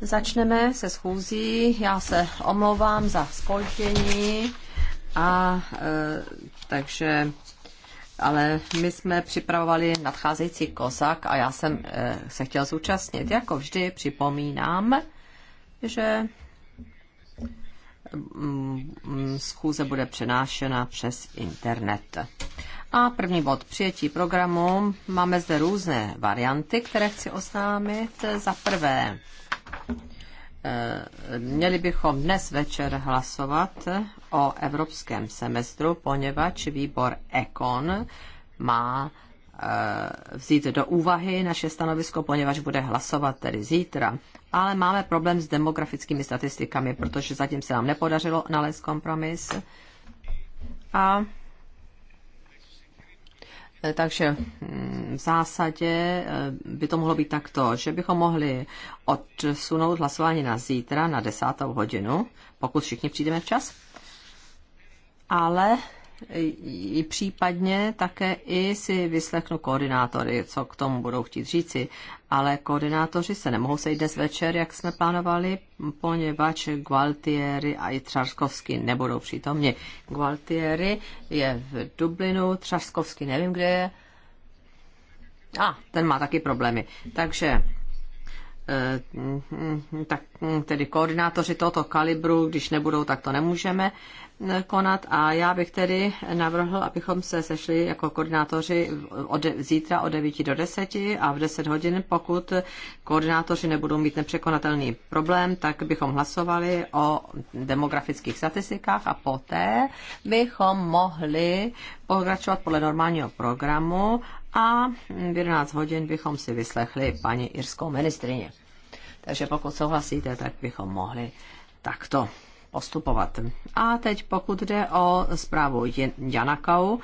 Začneme se schůzí. Já se omlouvám za spoždění. A e, takže, ale my jsme připravovali nadcházející kozak a já jsem e, se chtěl zúčastnit. Jako vždy připomínám, že schůze bude přenášena přes internet. A první bod přijetí programu. Máme zde různé varianty, které chci oznámit. Za prvé, eh, měli bychom dnes večer hlasovat o evropském semestru, poněvadž výbor ECON má eh, vzít do úvahy naše stanovisko, poněvadž bude hlasovat tedy zítra. Ale máme problém s demografickými statistikami, protože zatím se nám nepodařilo nalézt kompromis. A Eh, takže hm, v zásadě eh, by to mohlo být takto, že bychom mohli odsunout hlasování na zítra na desátou hodinu, pokud všichni přijdeme včas. Ale i případně také i si vyslechnu koordinátory, co k tomu budou chtít říci. Ale koordinátoři se nemohou sejít dnes večer, jak jsme plánovali, poněvadž Gualtieri a i Třaskovsky nebudou přítomni. Gualtieri je v Dublinu, Třaskovsky nevím, kde je. A, ah, ten má taky problémy. Takže eh, tak mm, tedy koordinátoři tohoto kalibru, když nebudou, tak to nemůžeme konat a já bych tedy navrhl, abychom se sešli jako koordinátoři od, zítra od 9 do 10 a v 10 hodin, pokud koordinátoři nebudou mít nepřekonatelný problém, tak bychom hlasovali o demografických statistikách a poté bychom mohli pokračovat podle normálního programu a v 11 hodin bychom si vyslechli paní irskou ministrině. Takže pokud souhlasíte, tak bychom mohli takto postupovat. A teď pokud jde o zprávu Janakau,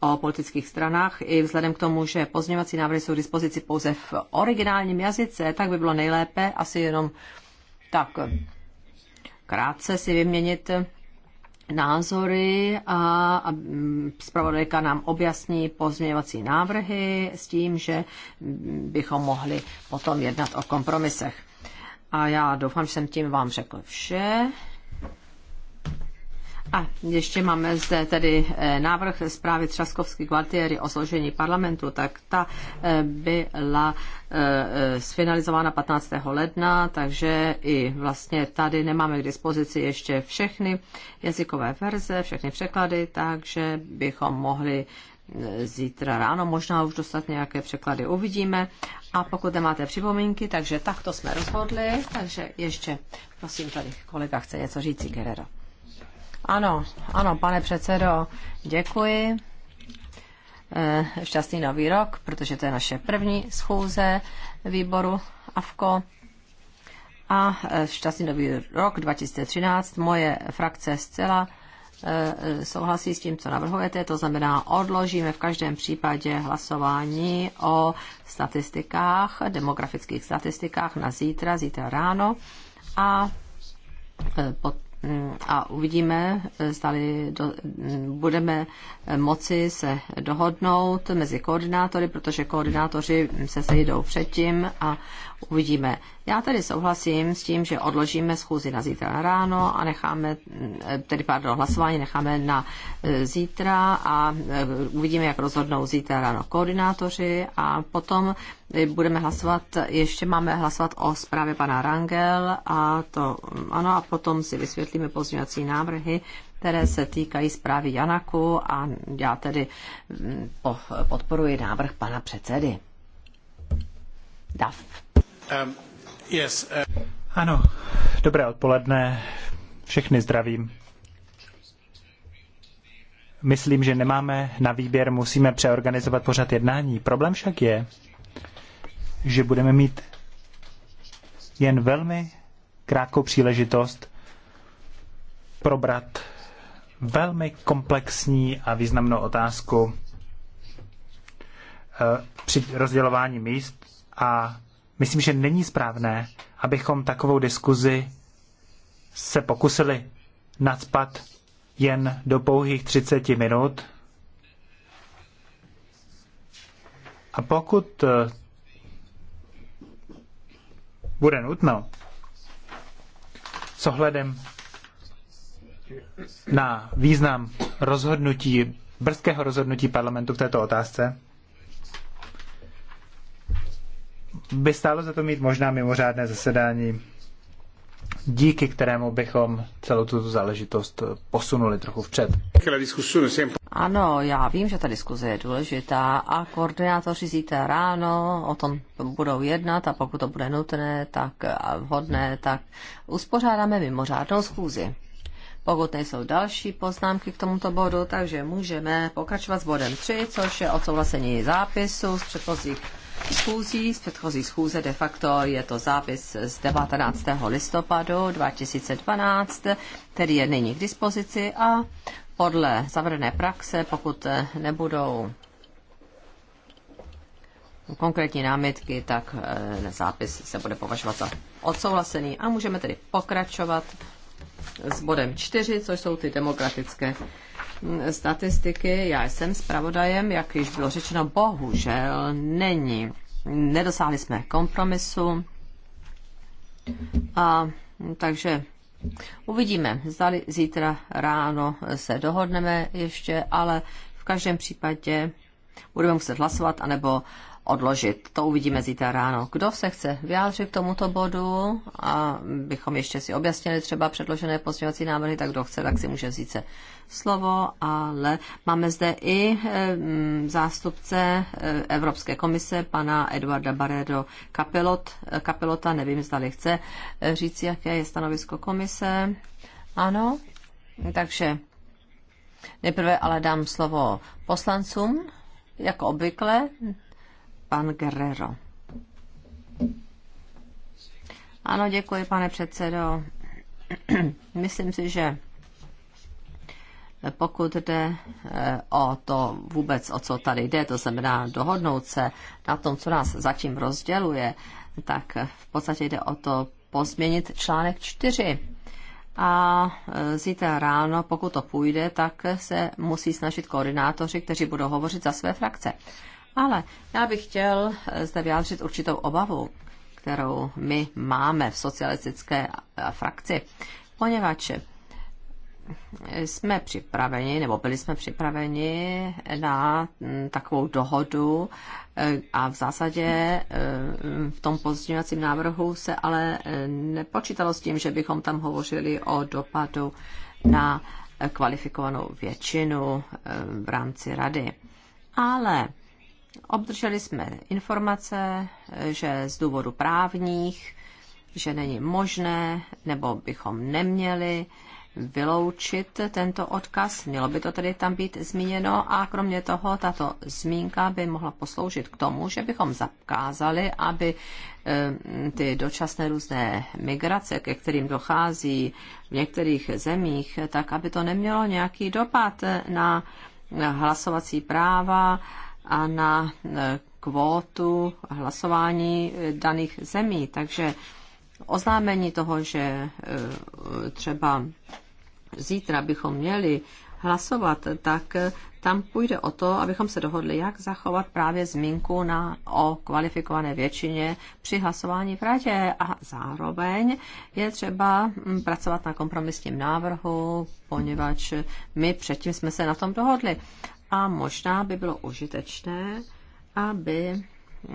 o politických stranách. I vzhledem k tomu, že pozměňovací návrhy jsou k dispozici pouze v originálním jazyce, tak by bylo nejlépe asi jenom tak krátce si vyměnit názory a, a zpravodajka nám objasní pozměňovací návrhy s tím, že bychom mohli potom jednat o kompromisech. A já doufám, že jsem tím vám řekl vše. A ještě máme zde tedy eh, návrh zprávy Třaskovský kvartiery o složení parlamentu, tak ta eh, byla eh, sfinalizována 15. ledna, takže i vlastně tady nemáme k dispozici ještě všechny jazykové verze, všechny překlady, takže bychom mohli zítra ráno možná už dostat nějaké překlady, uvidíme. A pokud nemáte připomínky, takže takto jsme rozhodli, takže ještě prosím tady kolega chce něco říct, Gerero. Ano, ano, pane předsedo, děkuji. Eh, šťastný nový rok, protože to je naše první schůze výboru AFKO. A eh, šťastný nový rok 2013. Moje frakce zcela eh, souhlasí s tím, co navrhujete, to znamená, odložíme v každém případě hlasování o statistikách, demografických statistikách na zítra, zítra ráno a pod a uvidíme, zdali do, budeme moci se dohodnout mezi koordinátory, protože koordinátoři se sejdou předtím a uvidíme, já tedy souhlasím s tím, že odložíme schůzi na zítra ráno a necháme, tedy pardon, hlasování necháme na e, zítra a e, uvidíme, jak rozhodnou zítra ráno koordinátoři a potom e, budeme hlasovat, ještě máme hlasovat o zprávě pana Rangel a to ano a potom si vysvětlíme pozměňovací návrhy, které se týkají zprávy Janaku a já tedy mm, podporuji návrh pana předsedy. DAF. Um. Uh, ano, dobré odpoledne, všechny zdravím. Myslím, že nemáme na výběr, musíme přeorganizovat pořad jednání. Problém však je, že budeme mít jen velmi krátkou příležitost probrat velmi komplexní a významnou otázku eh, při rozdělování míst a Myslím, že není správné, abychom takovou diskuzi se pokusili nadspat jen do pouhých 30 minut. A pokud eh, bude nutno, s ohledem na význam rozhodnutí, brzkého rozhodnutí parlamentu v této otázce, by stálo za to mít možná mimořádné zasedání, díky kterému bychom celou tuto záležitost posunuli trochu vpřed. Ano, já vím, že ta diskuze je důležitá a koordinátoři zítra ráno o tom budou jednat a pokud to bude nutné tak a vhodné, tak uspořádáme mimořádnou schůzi. Pokud nejsou další poznámky k tomuto bodu, takže můžeme pokračovat s bodem 3, což je odsouhlasení zápisu z předchozích schůzí, z předchozí schůze de facto je to zápis z 19. listopadu 2012, který je nyní k dispozici a podle zavedené praxe, pokud nebudou konkrétní námitky, tak eh, zápis se bude považovat za odsouhlasený a můžeme tedy pokračovat s bodem 4, což jsou ty demokratické statistiky, já jsem zpravodajem, jak již bylo řečeno, bohužel není. Nedosáhli jsme kompromisu. A takže uvidíme. Zdali zítra ráno se dohodneme ještě, ale v každém případě budeme muset hlasovat, anebo odložit. To uvidíme zítra ráno. Kdo se chce vyjádřit k tomuto bodu a bychom ještě si objasnili třeba předložené pozměňovací návrhy, tak kdo chce, tak si může vzít se slovo, ale máme zde i eh, zástupce eh, Evropské komise, pana Eduarda Barredo Kapelot, Kapelota, eh, nevím, zda chce říct, jaké je stanovisko komise. Ano, takže nejprve ale dám slovo poslancům, jako obvykle, pan Guerrero. Ano, děkuji, pane předsedo. Myslím si, že pokud jde eh, o to vůbec, o co tady jde, to znamená dohodnout se na tom, co nás zatím rozděluje, tak v podstatě jde o to pozměnit článek 4 a eh, zítra ráno, pokud to půjde, tak se musí snažit koordinátoři, kteří budou hovořit za své frakce. Ale já bych chtěl eh, zde vyjádřit určitou obavu, kterou my máme v socialistické frakci, poněvadž jsme připraveni, nebo byli jsme připraveni na mm, takovou dohodu eh, a v zásadě eh, v tom pozměňovacím návrhu se ale eh, nepočítalo s tím, že bychom tam hovořili o dopadu na kvalifikovanou většinu v rámci rady. Ale obdrželi jsme informace, že z důvodu právních, že není možné, nebo bychom neměli vyloučit tento odkaz, mělo by to tedy tam být zmíněno a kromě toho tato zmínka by mohla posloužit k tomu, že bychom zakázali, aby eh, ty dočasné různé migrace, ke kterým dochází v některých zemích, tak aby to nemělo nějaký dopad na hlasovací práva a na eh, kvótu hlasování eh, daných zemí. Takže oznámení toho, že třeba zítra bychom měli hlasovat, tak tam půjde o to, abychom se dohodli, jak zachovat právě zmínku na, o kvalifikované většině při hlasování v radě a zároveň je třeba mm, pracovat na kompromisním návrhu, poněvadž my předtím jsme se na tom dohodli. A možná by bylo užitečné, aby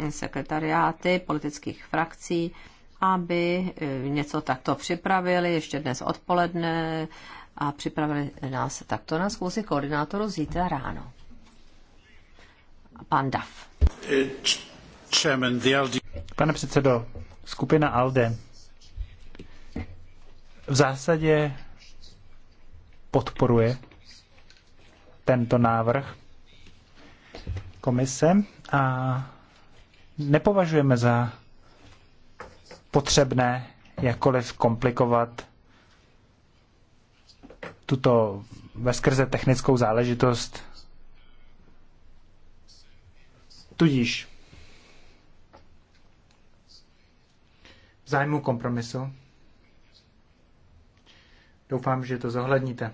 sekretariáty politických frakcí aby e, něco takto připravili ještě dnes odpoledne, a připravili nás takto na schůzi koordinátoru zítra ráno. Pan Duff. Pane předsedo, skupina ALDE v zásadě podporuje tento návrh komise a nepovažujeme za potřebné jakkoliv komplikovat tuto veskrze technickou záležitost. Tudíž v zájmu kompromisu doufám, že to zohledníte.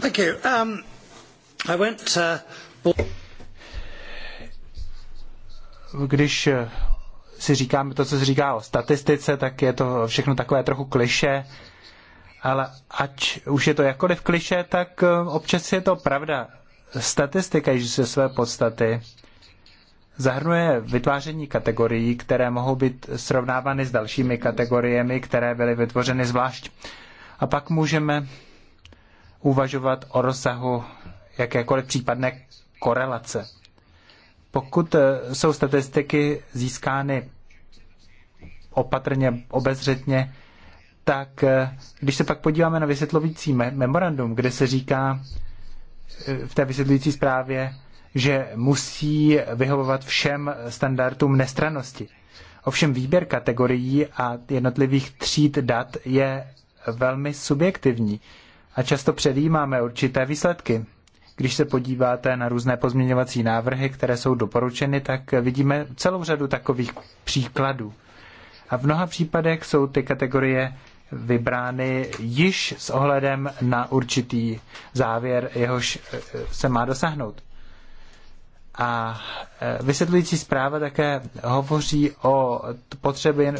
Thank you. Um, I went, uh když si říkáme to, co se říká o statistice, tak je to všechno takové trochu kliše, ale ať už je to jakoliv kliše, tak občas je to pravda. Statistika již ze své podstaty zahrnuje vytváření kategorií, které mohou být srovnávány s dalšími kategoriemi, které byly vytvořeny zvlášť. A pak můžeme uvažovat o rozsahu jakékoliv případné korelace. Pokud eh, jsou statistiky získány opatrně, obezřetně, tak eh, když se pak podíváme na vysvětlující memorandum, kde se říká eh, v té vysvětlující zprávě, že musí vyhovovat všem standardům nestranosti. Ovšem výběr kategorií a jednotlivých tříd dat je velmi subjektivní a často předjímáme určité výsledky. Když se podíváte na různé pozměňovací návrhy, které jsou doporučeny, tak vidíme celou řadu takových příkladů. A v mnoha případech jsou ty kategorie vybrány již s ohledem na určitý závěr, jehož eh, se má dosáhnout. A eh, vysvětlující zpráva také hovoří o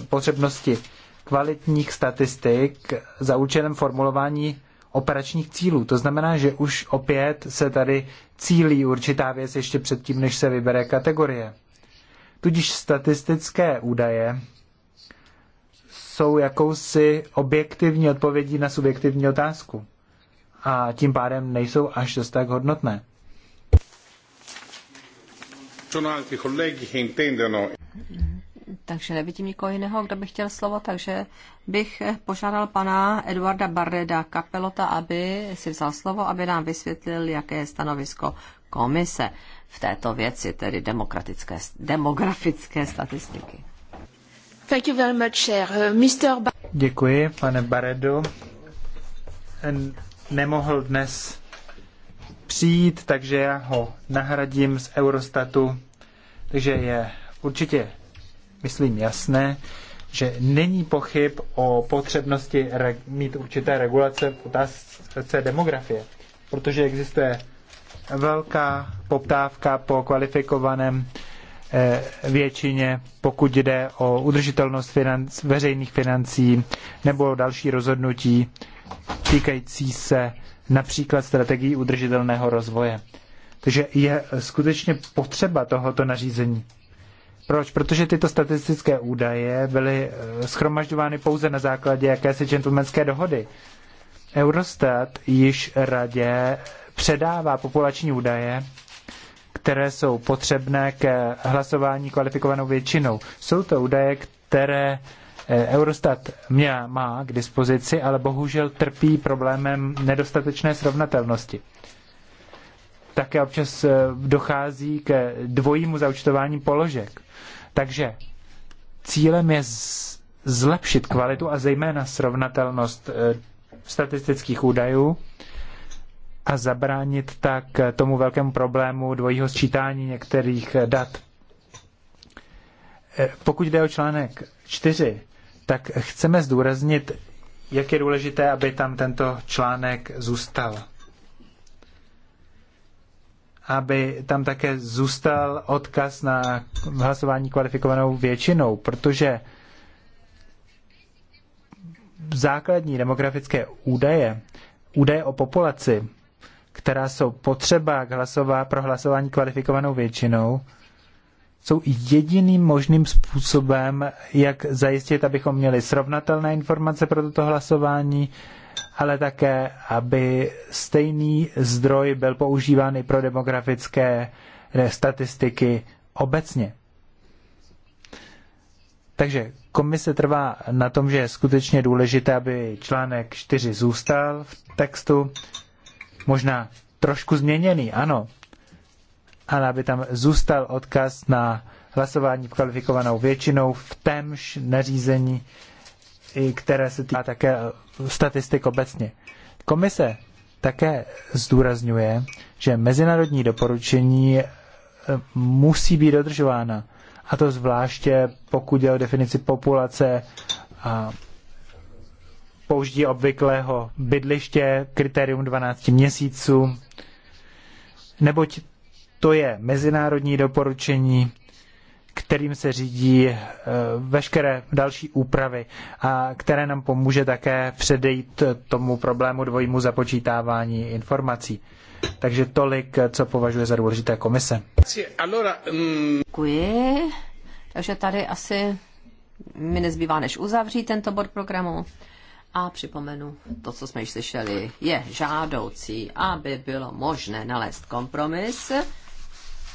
potřebnosti kvalitních statistik za účelem formulování operačních cílů. To znamená, že už opět se tady cílí určitá věc ještě předtím, než se vybere kategorie. Tudíž statistické údaje jsou jakousi objektivní odpovědí na subjektivní otázku. A tím pádem nejsou až dost tak hodnotné takže nevidím nikoho jiného, kdo by chtěl slovo, takže bych požádal pana Eduarda Barreda Kapelota, aby si vzal slovo, aby nám vysvětlil, jaké je stanovisko komise v této věci, tedy demokratické, demografické statistiky. Thank you very much, sir. Mr. Ba- Děkuji, pane Baredo. Nemohl dnes přijít, takže já ho nahradím z Eurostatu. Takže je určitě myslím, jasné, že není pochyb o potřebnosti mít určité regulace v otázce demografie, protože existuje velká poptávka po kvalifikovaném eh, většině, pokud jde o udržitelnost financ, veřejných financí nebo další rozhodnutí týkající se například strategií udržitelného rozvoje. Takže je skutečně potřeba tohoto nařízení. Proč? Protože tyto statistické údaje byly eh, schromažďovány pouze na základě jakési gentlemanské dohody. Eurostat již radě předává populační údaje, které jsou potřebné k hlasování kvalifikovanou většinou. Jsou to údaje, které eh, Eurostat mě má k dispozici, ale bohužel trpí problémem nedostatečné srovnatelnosti. Také občas eh, dochází k dvojímu zaučtování položek. Takže cílem je zlepšit kvalitu a zejména srovnatelnost eh, statistických údajů a zabránit tak eh, tomu velkému problému dvojího sčítání některých eh, dat. Pokud jde o článek 4, tak chceme zdůraznit, jak je důležité, aby tam tento článek zůstal aby tam také zůstal odkaz na hlasování kvalifikovanou většinou, protože základní demografické údaje, údaje o populaci, která jsou potřeba k hlasová, pro hlasování kvalifikovanou většinou, jsou jediným možným způsobem, jak zajistit, abychom měli srovnatelné informace pro toto hlasování, ale také, aby stejný zdroj byl používán i pro demografické eh, statistiky obecně. Takže komise trvá na tom, že je skutečně důležité, aby článek 4 zůstal v textu, možná trošku změněný, ano, ale aby tam zůstal odkaz na hlasování kvalifikovanou většinou v témž nařízení, i které se týká také eh, statistik obecně. Komise také zdůrazňuje, že mezinárodní doporučení eh, musí být dodržována. A to zvláště pokud je o definici populace a použití obvyklého bydliště, kritérium 12 měsíců, neboť to je mezinárodní doporučení kterým se řídí eh, veškeré další úpravy, a které nám pomůže také předejít tomu problému dvojímu započítávání informací. Takže tolik, co považuje za důležité komise. Mm, Děkuji. Takže tady asi mi nezbývá, než uzavřít tento bod programu. A připomenu, to, co jsme již slyšeli, je žádoucí, aby bylo možné nalézt kompromis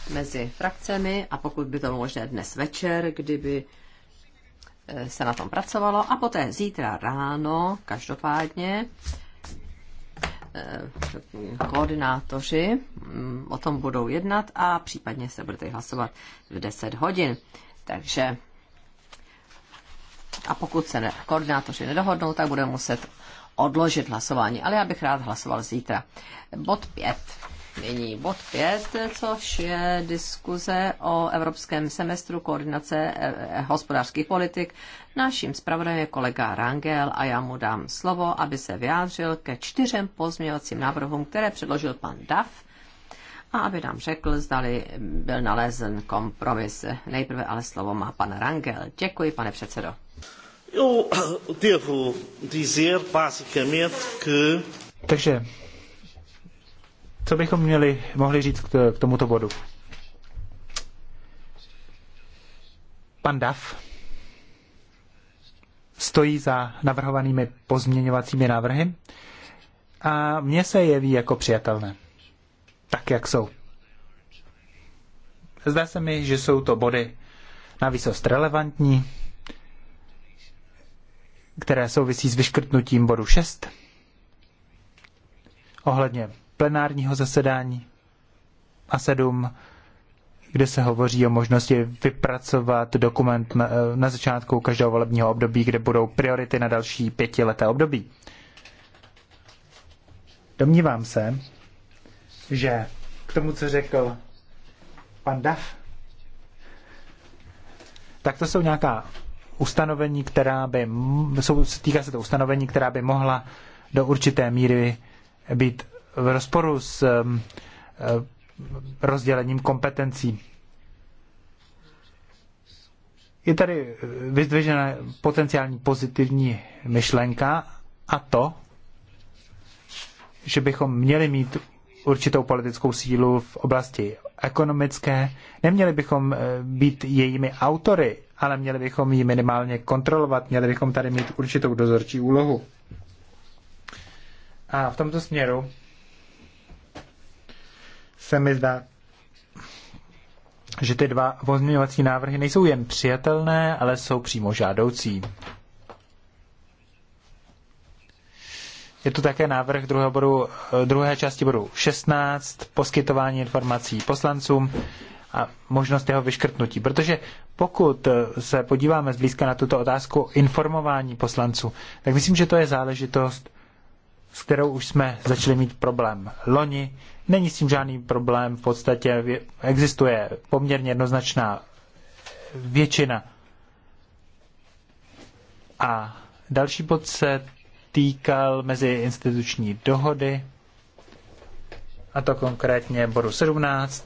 mezi frakcemi a pokud by to bylo možné dnes večer, kdyby e, se na tom pracovalo a poté zítra ráno, každopádně, e, koordinátoři mm, o tom budou jednat a případně se budete hlasovat v 10 hodin. Takže a pokud se ne, koordinátoři nedohodnou, tak budeme muset odložit hlasování. Ale já bych rád hlasoval zítra. Bod 5. Nyní bod 5, což je diskuze o evropském semestru koordinace eh, hospodářských politik. Naším zpravodajem je kolega Rangel a já mu dám slovo, aby se vyjádřil ke čtyřem pozměňovacím návrhům, které předložil pan Daf a aby nám řekl, zdali byl nalezen kompromis. Nejprve ale slovo má pan Rangel. Děkuji, pane předsedo. Takže co bychom měli, mohli říct k, k tomuto bodu? Pan Dav stojí za navrhovanými pozměňovacími návrhy a mně se jeví jako přijatelné. Tak, jak jsou. Zdá se mi, že jsou to body na relevantní, které souvisí s vyškrtnutím bodu 6 ohledně plenárního zasedání a sedm, kde se hovoří o možnosti vypracovat dokument na, na začátku každého volebního období, kde budou priority na další pětileté období. Domnívám se, že k tomu, co řekl pan Dav, tak to jsou nějaká ustanovení, která by, jsou, týká se to ustanovení, která by mohla do určité míry být v rozporu s eh, rozdělením kompetencí. Je tady eh, vyzdvižena potenciální pozitivní myšlenka a to, že bychom měli mít určitou politickou sílu v oblasti ekonomické. Neměli bychom eh, být jejími autory, ale měli bychom ji minimálně kontrolovat, měli bychom tady mít určitou dozorčí úlohu. A v tomto směru se mi zdá, že ty dva pozměňovací návrhy nejsou jen přijatelné, ale jsou přímo žádoucí. Je tu také návrh druhého bodu, eh, druhé části bodu 16, poskytování informací poslancům a možnost jeho vyškrtnutí. Protože pokud eh, se podíváme zblízka na tuto otázku informování poslanců, tak myslím, že to je záležitost, s kterou už jsme začali mít problém loni. Není s tím žádný problém, v podstatě existuje poměrně jednoznačná většina. A další bod se týkal instituční dohody, a to konkrétně bodu 17.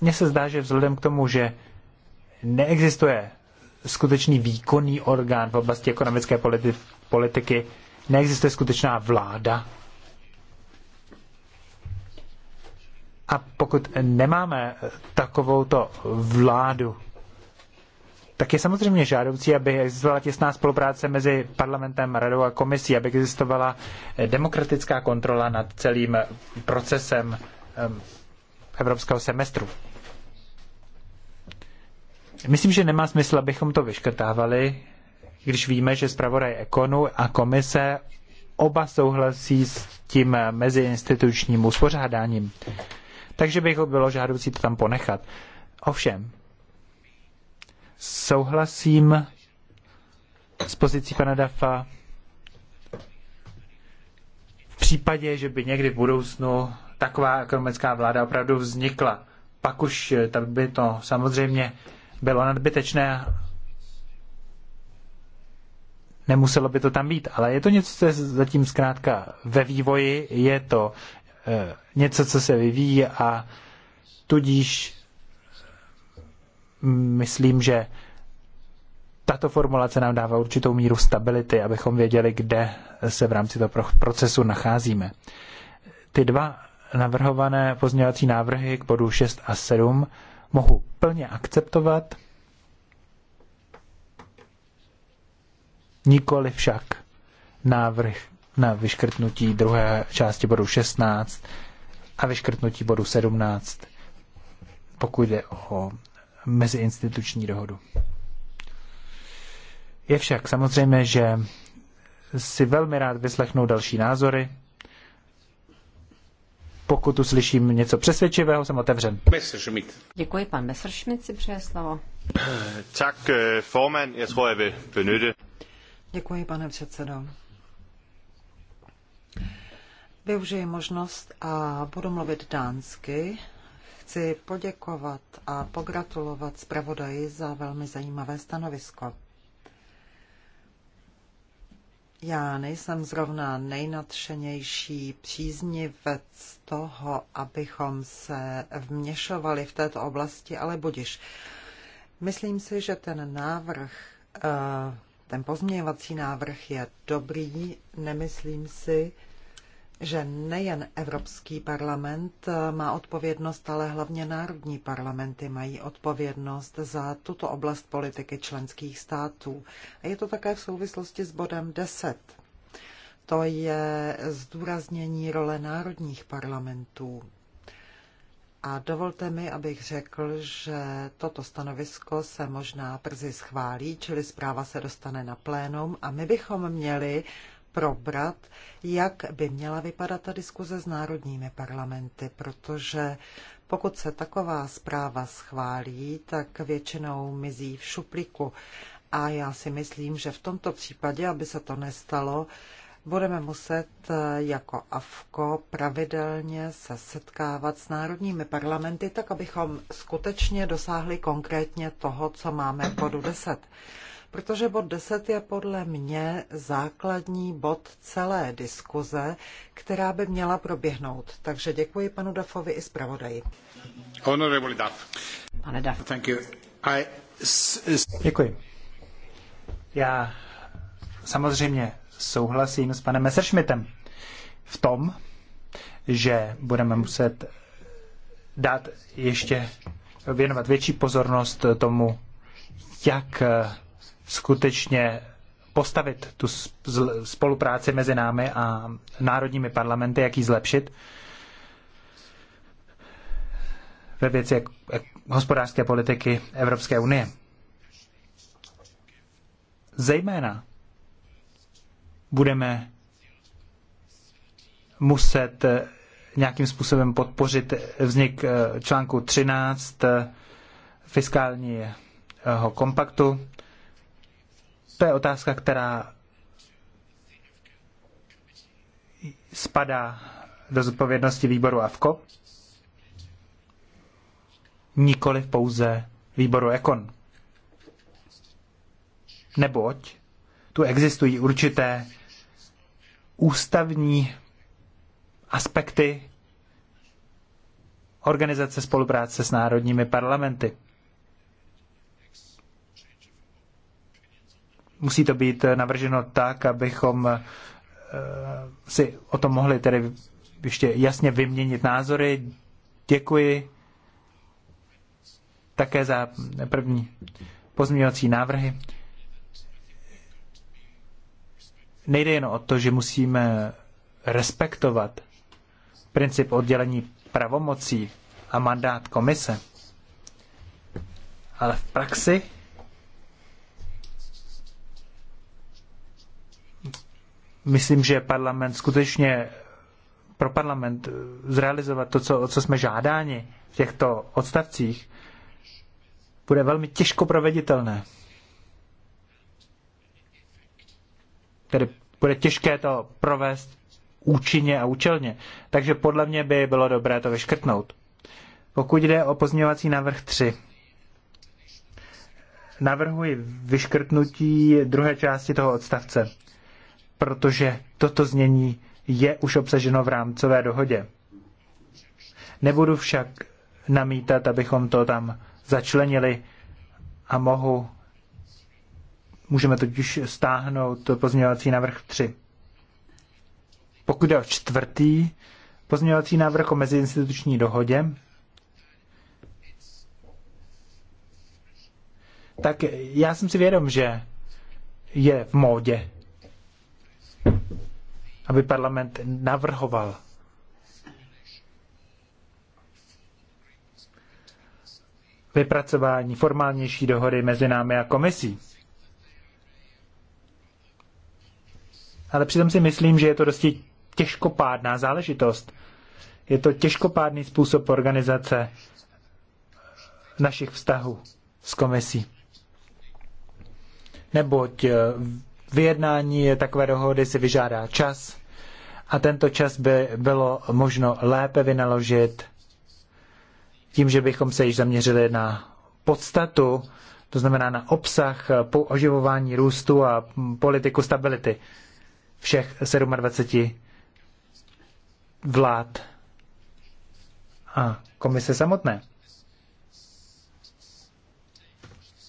Mně se zdá, že vzhledem k tomu, že neexistuje skutečný výkonný orgán v oblasti ekonomické politi- politiky, neexistuje skutečná vláda. A pokud nemáme takovouto vládu, tak je samozřejmě žádoucí, aby existovala těsná spolupráce mezi parlamentem, radou a komisí, aby existovala demokratická kontrola nad celým procesem evropského semestru. Myslím, že nemá smysl, abychom to vyškrtávali, když víme, že zpravodaj Ekonu a komise oba souhlasí s tím meziinstitučním uspořádáním. Takže bych bylo žádoucí to tam ponechat. Ovšem, souhlasím s pozicí pana Dafa v případě, že by někdy v budoucnu taková ekonomická vláda opravdu vznikla. Pak už eh, tak by to samozřejmě bylo nadbytečné. Nemuselo by to tam být, ale je to něco, co je zatím zkrátka ve vývoji, je to e, něco, co se vyvíjí a tudíž mm, myslím, že tato formulace nám dává určitou míru stability, abychom věděli, kde se v rámci toho procesu nacházíme. Ty dva navrhované pozměňovací návrhy k bodu 6 a 7 mohu plně akceptovat, nikoli však návrh na vyškrtnutí druhé části bodu 16 a vyškrtnutí bodu 17, pokud jde o meziinstituční dohodu. Je však samozřejmé, že si velmi rád vyslechnou další názory pokud uslyším něco přesvědčivého, jsem otevřen. Messerschmidt. Děkuji, pan Messerschmidt si přeje slovo. Tak, eh, formen, já tror, jeg Děkuji, pane předsedo. Využiji možnost a budu mluvit dánsky. Chci poděkovat a pogratulovat zpravodaji za velmi zajímavé stanovisko. Já nejsem zrovna nejnadšenější příznivec toho, abychom se vměšovali v této oblasti, ale budiš. Myslím si, že ten návrh, eh, ten pozměňovací návrh je dobrý. Nemyslím si, že nejen Evropský parlament má odpovědnost, ale hlavně národní parlamenty mají odpovědnost za tuto oblast politiky členských států. A je to také v souvislosti s bodem 10. To je zdůraznění role národních parlamentů. A dovolte mi, abych řekl, že toto stanovisko se možná brzy schválí, čili zpráva se dostane na plénum a my bychom měli probrat, jak by měla vypadat ta diskuze s národními parlamenty, protože pokud se taková zpráva schválí, tak většinou mizí v šuplíku. A já si myslím, že v tomto případě, aby se to nestalo, budeme muset eh, jako AFKO pravidelně se setkávat s národními parlamenty, tak abychom skutečně dosáhli konkrétně toho, co máme v bodu 10 protože bod 10 je podle mě základní bod celé diskuze, která by měla proběhnout. Takže děkuji panu Dafovi i zpravodaji. Honorable Duff. Pane Duff. Thank you. I... Děkuji. Já samozřejmě souhlasím s panem Messerschmittem v tom, že budeme muset dát ještě věnovat větší pozornost tomu, jak skutečně postavit tu spolupráci mezi námi a národními parlamenty, jak ji zlepšit ve věci hospodářské politiky Evropské unie. Zejména budeme muset eh, nějakým způsobem podpořit vznik eh, článku 13 eh, fiskálního kompaktu, to je otázka, která spadá do zodpovědnosti výboru AVKO, nikoli pouze výboru EKON. Neboť tu existují určité ústavní aspekty organizace spolupráce s národními parlamenty. musí to být eh, navrženo tak, abychom eh, si o tom mohli tedy ještě jasně vyměnit názory. Děkuji také za první pozměňovací návrhy. Nejde jen o to, že musíme respektovat princip oddělení pravomocí a mandát komise, ale v praxi myslím, že parlament skutečně pro parlament zrealizovat to, co, o co jsme žádáni v těchto odstavcích, bude velmi těžko proveditelné. Tedy bude těžké to provést účinně a účelně. Takže podle mě by bylo dobré to vyškrtnout. Pokud jde o pozměňovací návrh 3, navrhuji vyškrtnutí druhé části toho odstavce protože toto znění je už obsaženo v rámcové dohodě. Nebudu však namítat, abychom to tam začlenili a mohu, můžeme totiž stáhnout pozměňovací návrh 3. Pokud je o čtvrtý pozměňovací návrh o meziinstituční dohodě, tak já jsem si vědom, že je v módě aby parlament navrhoval vypracování formálnější dohody mezi námi a komisí. Ale přitom si myslím, že je to dosti těžkopádná záležitost. Je to těžkopádný způsob organizace našich vztahů s komisí. Neboť eh, vyjednání takové dohody si vyžádá čas a tento čas by bylo možno lépe vynaložit tím, že bychom se již zaměřili na podstatu, to znamená na obsah po oživování růstu a politiku stability všech 27 vlád a komise samotné.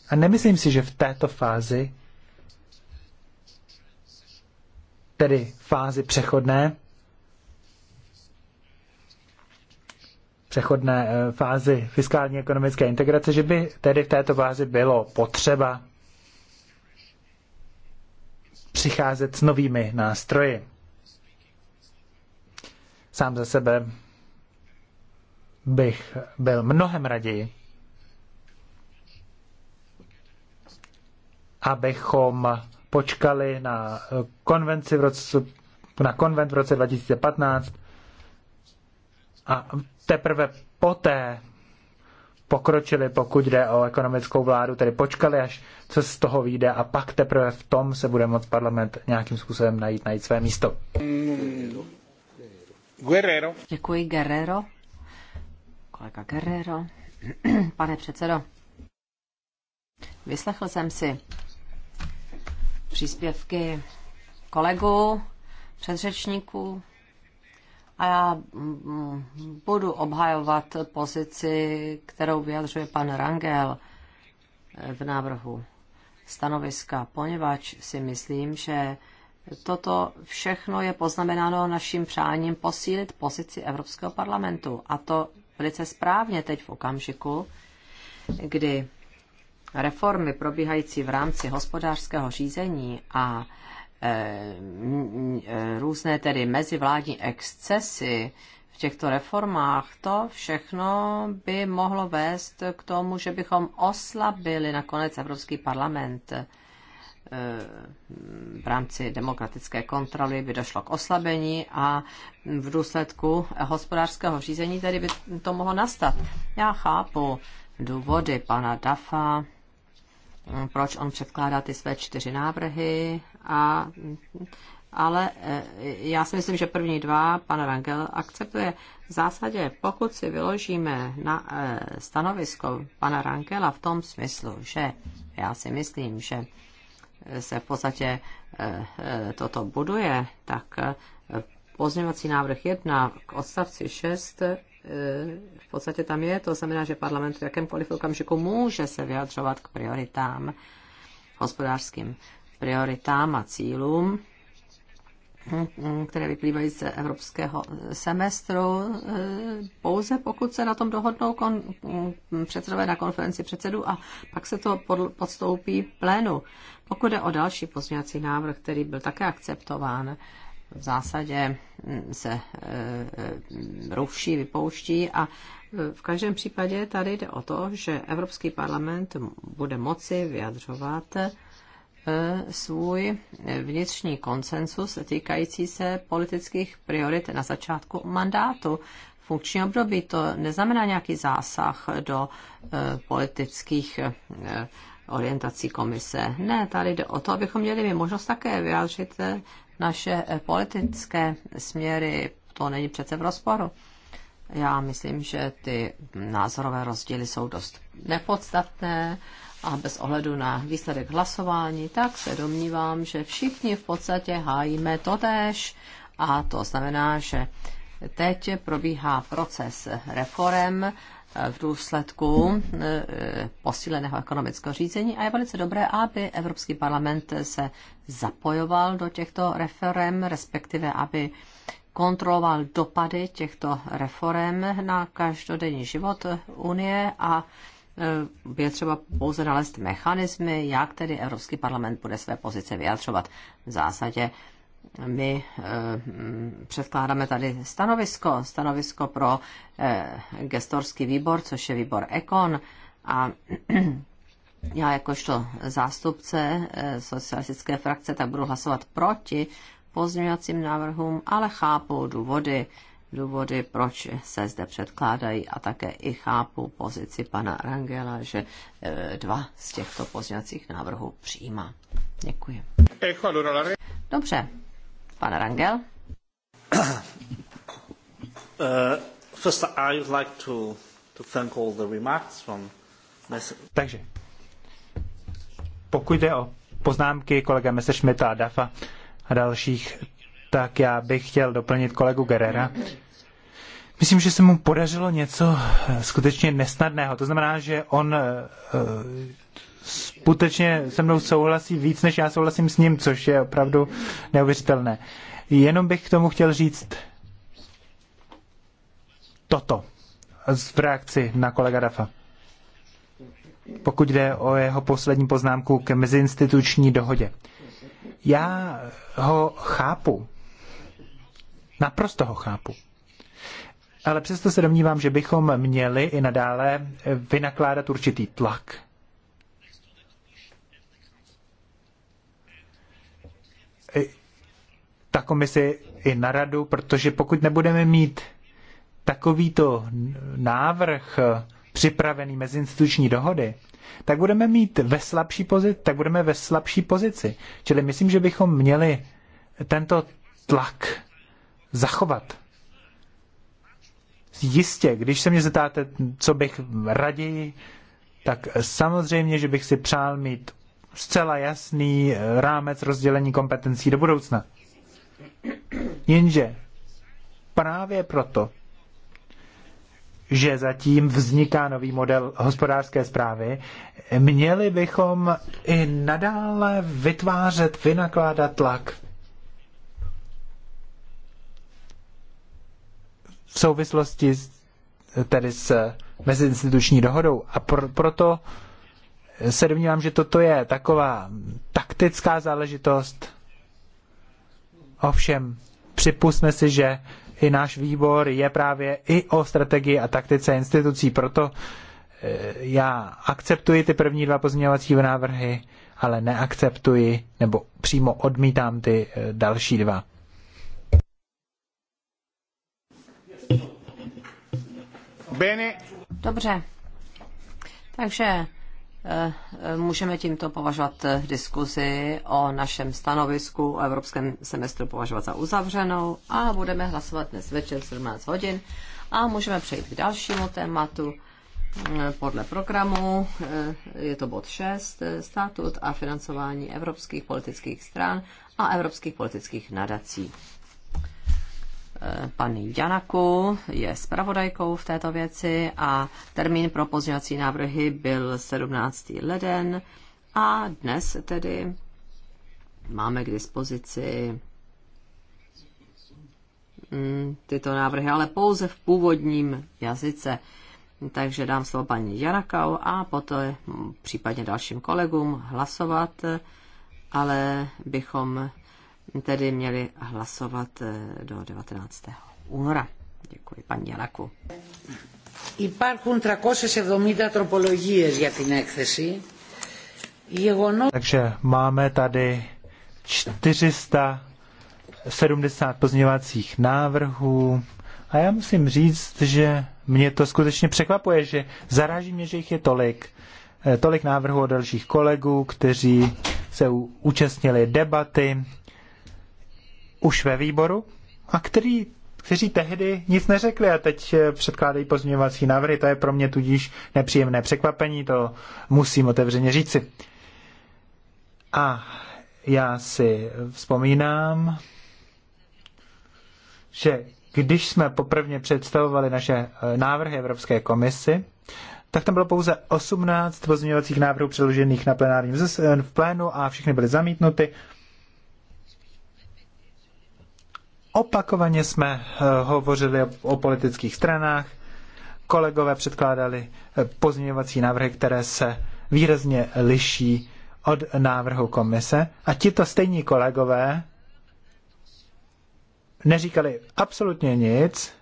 A nemyslím si, že v této fázi tedy fázi přechodné, přechodné eh, fázi fiskální ekonomické integrace, že by tedy v této fázi bylo potřeba přicházet s novými nástroji. Sám za sebe bych byl mnohem raději, abychom počkali na, eh, konvenci v roce, na konvent v roce 2015 a teprve poté pokročili, pokud jde o ekonomickou vládu, tedy počkali, až co z toho vyjde a pak teprve v tom se bude moct parlament nějakým způsobem najít, najít své místo. Guerrero. Děkuji, Guerrero. Kolega Guerrero. Pane předsedo, vyslechl jsem si příspěvky kolegů, předřečníků a já mm, budu obhajovat pozici, kterou vyjadřuje pan Rangel eh, v návrhu stanoviska, poněvadž si myslím, že toto všechno je poznamenáno naším přáním posílit pozici Evropského parlamentu. A to velice správně teď v okamžiku, kdy reformy probíhající v rámci hospodářského řízení a e, e, různé tedy mezivládní excesy v těchto reformách, to všechno by mohlo vést k tomu, že bychom oslabili nakonec Evropský parlament e, v rámci demokratické kontroly by došlo k oslabení a v důsledku hospodářského řízení tedy by to mohlo nastat. Já chápu důvody pana Dafa, proč on předkládá ty své čtyři návrhy. A, ale e, já si myslím, že první dva pan Rangel akceptuje. V zásadě, pokud si vyložíme na e, stanovisko pana Rangela v tom smyslu, že já si myslím, že se v podstatě e, toto buduje, tak pozměňovací návrh 1 k odstavci 6 v podstatě tam je. To znamená, že parlament v jakémkoliv okamžiku může se vyjadřovat k prioritám, hospodářským prioritám a cílům, které vyplývají z evropského semestru, pouze pokud se na tom dohodnou kon, předsedové na konferenci předsedů a pak se to podstoupí plénu. Pokud je o další pozměňovací návrh, který byl také akceptován, v zásadě mm, se e, e, ruší, vypouští a e, v každém případě tady jde o to, že Evropský parlament bude moci vyjadřovat svůj vnitřní konsensus týkající se politických priorit na začátku mandátu. Funkční období to neznamená nějaký zásah do politických orientací komise. Ne, tady jde o to, abychom měli možnost také vyjádřit naše eh, politické směry, to není přece v rozporu. Já myslím, že ty názorové rozdíly jsou dost nepodstatné a bez ohledu na výsledek hlasování, tak se domnívám, že všichni v podstatě hájíme totéž a to znamená, že teď probíhá proces reform v důsledku e, posíleného ekonomického řízení a je velice dobré, aby Evropský parlament se zapojoval do těchto reform, respektive aby kontroloval dopady těchto reform na každodenní život Unie a e, je třeba pouze nalézt mechanismy, jak tedy Evropský parlament bude své pozice vyjadřovat. V zásadě my eh, mm, předkládáme tady stanovisko, stanovisko pro eh, gestorský výbor, což je výbor Ekon a já jakožto zástupce eh, socialistické frakce tak budu hlasovat proti pozměňovacím návrhům, ale chápu důvody, důvody, proč se zde předkládají a také i chápu pozici pana Rangela, že dva z těchto pozměňovacích návrhů přijímá. Děkuji. Dobře, Pan Rangel. Takže, pokud jde o poznámky kolega Messerschmitta a Dafa a dalších, tak já bych chtěl doplnit kolegu Gerera. Myslím, že se mu podařilo něco eh, skutečně nesnadného. To znamená, že on eh, skutečně se mnou souhlasí víc, než já souhlasím s ním, což je opravdu neuvěřitelné. Jenom bych k tomu chtěl říct toto v reakci na kolega Dafa. Pokud jde o jeho poslední poznámku ke meziinstituční dohodě. Já ho chápu. Naprosto ho chápu. Ale přesto se domnívám, že bychom měli i nadále vynakládat určitý tlak na komisi i na radu, protože pokud nebudeme mít takovýto návrh připravený meziinstituční dohody, tak budeme mít ve slabší pozici, tak budeme ve slabší pozici. Čili myslím, že bychom měli tento tlak zachovat. Jistě, když se mě zeptáte, co bych raději, tak samozřejmě, že bych si přál mít zcela jasný rámec rozdělení kompetencí do budoucna. Jenže právě proto, že zatím vzniká nový model hospodářské zprávy, měli bychom i nadále vytvářet, vynakládat tlak v souvislosti tedy s meziinstituční dohodou. A pr- proto se domnívám, že toto je taková taktická záležitost. Ovšem, Připusťme si, že i náš výbor je právě i o strategii a taktice institucí. Proto eh, já akceptuji ty první dva pozměňovací návrhy, ale neakceptuji nebo přímo odmítám ty eh, další dva. Bene. Dobře. Takže Eh, můžeme tímto považovat eh, diskuzi o našem stanovisku o evropském semestru považovat za uzavřenou a budeme hlasovat dnes večer 17 hodin a můžeme přejít k dalšímu tématu eh, podle programu. Je to bod 6, statut a financování evropských politických stran a evropských politických nadací pan Janaku je zpravodajkou v této věci a termín pro pozměňovací návrhy byl 17. leden a dnes tedy máme k dispozici mm, tyto návrhy, ale pouze v původním jazyce. Takže dám slovo paní Jarakau a poté případně dalším kolegům hlasovat, ale bychom tedy měli hlasovat eh, do 19. února. Děkuji, paní Janaku. Υπάρχουν 370 τροπολογίες για την έκθεση. Takže máme tady 470 pozměňovacích návrhů a já musím říct, že mě to skutečně překvapuje, že zaráží mě, že jich je tolik. Eh, tolik návrhů od dalších kolegů, kteří se účastnili debaty už ve výboru a který, kteří tehdy nic neřekli a teď eh, předkládají pozměňovací návrhy. To je pro mě tudíž nepříjemné překvapení, to musím otevřeně říci. A já si vzpomínám, že když jsme poprvně představovali naše eh, návrhy Evropské komisi, tak tam bylo pouze 18 pozměňovacích návrhů předložených na plenárním eh, v plénu a všechny byly zamítnuty Opakovaně jsme eh, hovořili o politických stranách, kolegové předkládali eh, pozměňovací návrhy, které se výrazně liší od návrhu komise a tito stejní kolegové neříkali absolutně nic,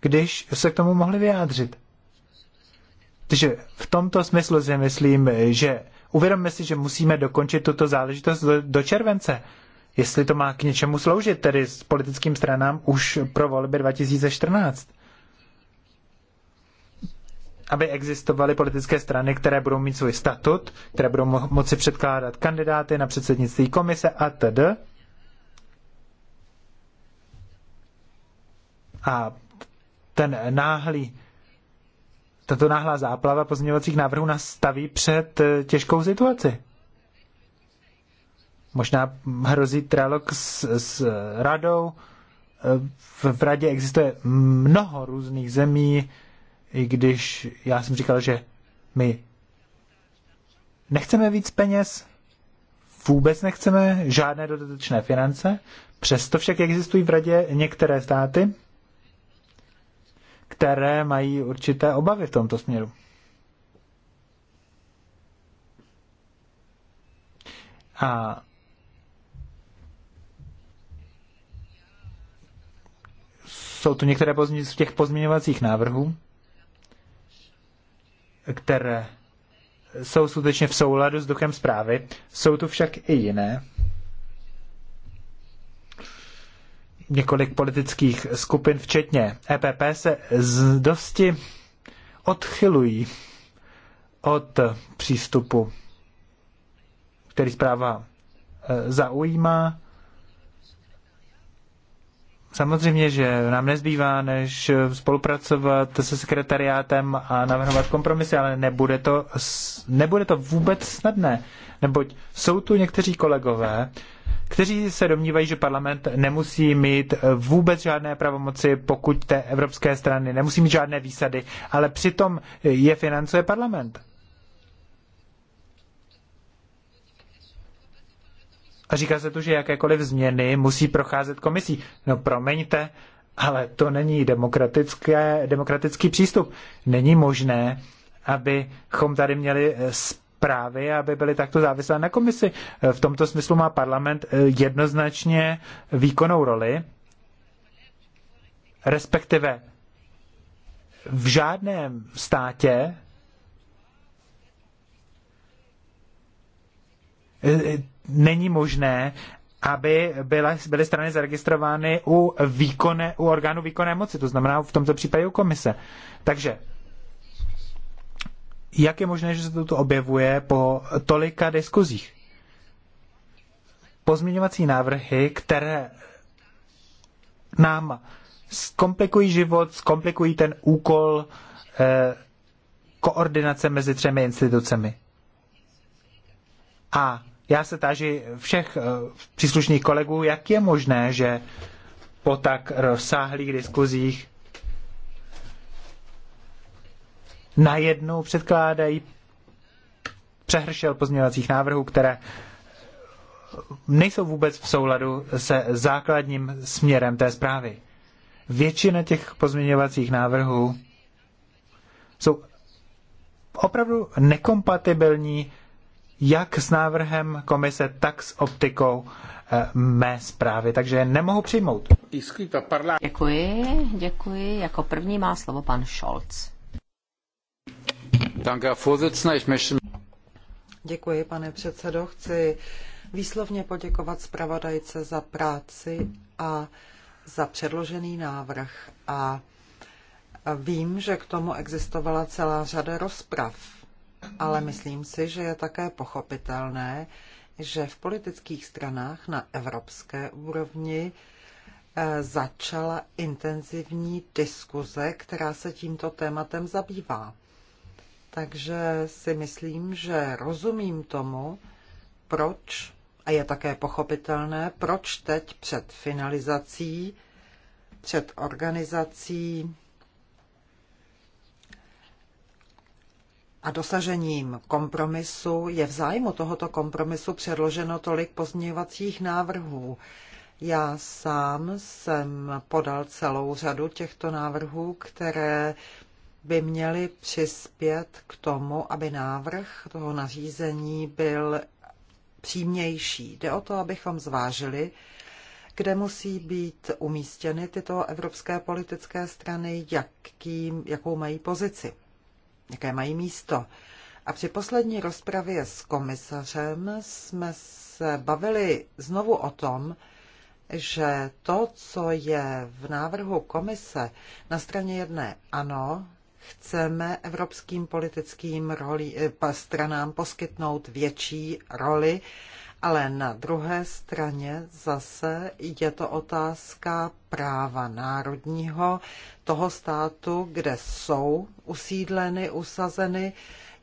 když se k tomu mohli vyjádřit. Takže v tomto smyslu si myslím, že uvědomme si, že musíme dokončit tuto záležitost do, do července jestli to má k něčemu sloužit, tedy s politickým stranám už pro volby 2014. Aby existovaly politické strany, které budou mít svůj statut, které budou mo- moci předkládat kandidáty na předsednictví komise a td. A ten náhlý, tato náhlá záplava pozměňovacích návrhů nás staví před eh, těžkou situaci. Možná hrozí trialog s, s radou. V radě existuje mnoho různých zemí, i když já jsem říkal, že my nechceme víc peněz, vůbec nechceme žádné dodatečné finance, přesto však existují v radě některé státy, které mají určité obavy v tomto směru. A Jsou tu některé z těch pozměňovacích návrhů, které jsou skutečně v souladu s duchem zprávy. Jsou tu však i jiné. Několik politických skupin, včetně EPP, se z dosti odchylují od přístupu, který zpráva e, zaujímá Samozřejmě, že nám nezbývá, než spolupracovat se sekretariátem a navrhovat kompromisy, ale nebude to, nebude to vůbec snadné, neboť jsou tu někteří kolegové, kteří se domnívají, že parlament nemusí mít vůbec žádné pravomoci, pokud té evropské strany nemusí mít žádné výsady, ale přitom je financuje parlament. A říká se tu, že jakékoliv změny musí procházet komisí. No promiňte, ale to není demokratické, demokratický přístup. Není možné, abychom tady měli eh, zprávy, aby byly takto závislé na komisi. Eh, v tomto smyslu má parlament eh, jednoznačně výkonnou roli, respektive v žádném státě E, e, není možné, aby byla, byly strany zaregistrovány u, výkone, u orgánu výkonné moci, to znamená v tomto případě u komise. Takže jak je možné, že se toto objevuje po tolika diskuzích? Pozměňovací návrhy, které nám zkomplikují život, zkomplikují ten úkol eh, koordinace mezi třemi institucemi. A já se táži všech eh, příslušných kolegů, jak je možné, že po tak rozsáhlých diskuzích najednou předkládají přehršel pozměňovacích návrhů, které nejsou vůbec v souladu se základním směrem té zprávy. Většina těch pozměňovacích návrhů jsou opravdu nekompatibilní jak s návrhem komise, tak s optikou eh, mé zprávy, takže nemohu přijmout. Děkuji, děkuji. Jako první má slovo pan Scholz. Děkuji, pane předsedo. Chci výslovně poděkovat zpravodajce za práci a za předložený návrh. A vím, že k tomu existovala celá řada rozprav ale myslím si, že je také pochopitelné, že v politických stranách na evropské úrovni eh, začala intenzivní diskuze, která se tímto tématem zabývá. Takže si myslím, že rozumím tomu, proč, a je také pochopitelné, proč teď před finalizací, před organizací a dosažením kompromisu je v zájmu tohoto kompromisu předloženo tolik pozměňovacích návrhů. Já sám jsem podal celou řadu těchto návrhů, které by měly přispět k tomu, aby návrh toho nařízení byl přímější. Jde o to, abychom zvážili, kde musí být umístěny tyto evropské politické strany, jakým jakou mají pozici jaké mají místo. A při poslední rozpravě s komisařem jsme se bavili znovu o tom, že to, co je v návrhu komise, na straně jedné ano, chceme evropským politickým roli, eh, stranám poskytnout větší roli ale na druhé straně zase je to otázka práva národního toho státu, kde jsou usídleny, usazeny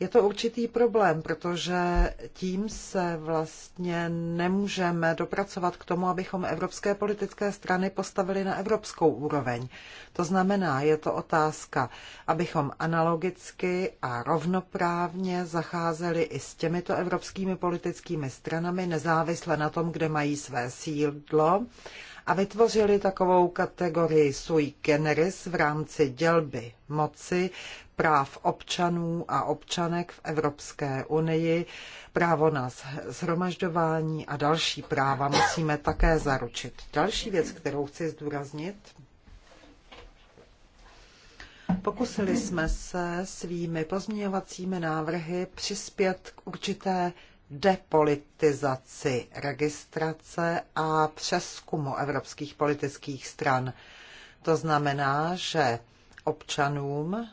je to určitý problém, protože tím se vlastně nemůžeme dopracovat k tomu, abychom evropské politické strany postavili na evropskou úroveň. To znamená, je to otázka, abychom analogicky a rovnoprávně zacházeli i s těmito evropskými politickými stranami, nezávisle na tom, kde mají své sídlo a vytvořili takovou kategorii sui generis v rámci dělby moci, práv občanů a občanek v Evropské unii, právo na shromažďování a další práva musíme také zaručit. Další věc, kterou chci zdůraznit, Pokusili jsme se svými pozměňovacími návrhy přispět k určité depolitizaci registrace a přeskumu evropských politických stran. To znamená, že občanům,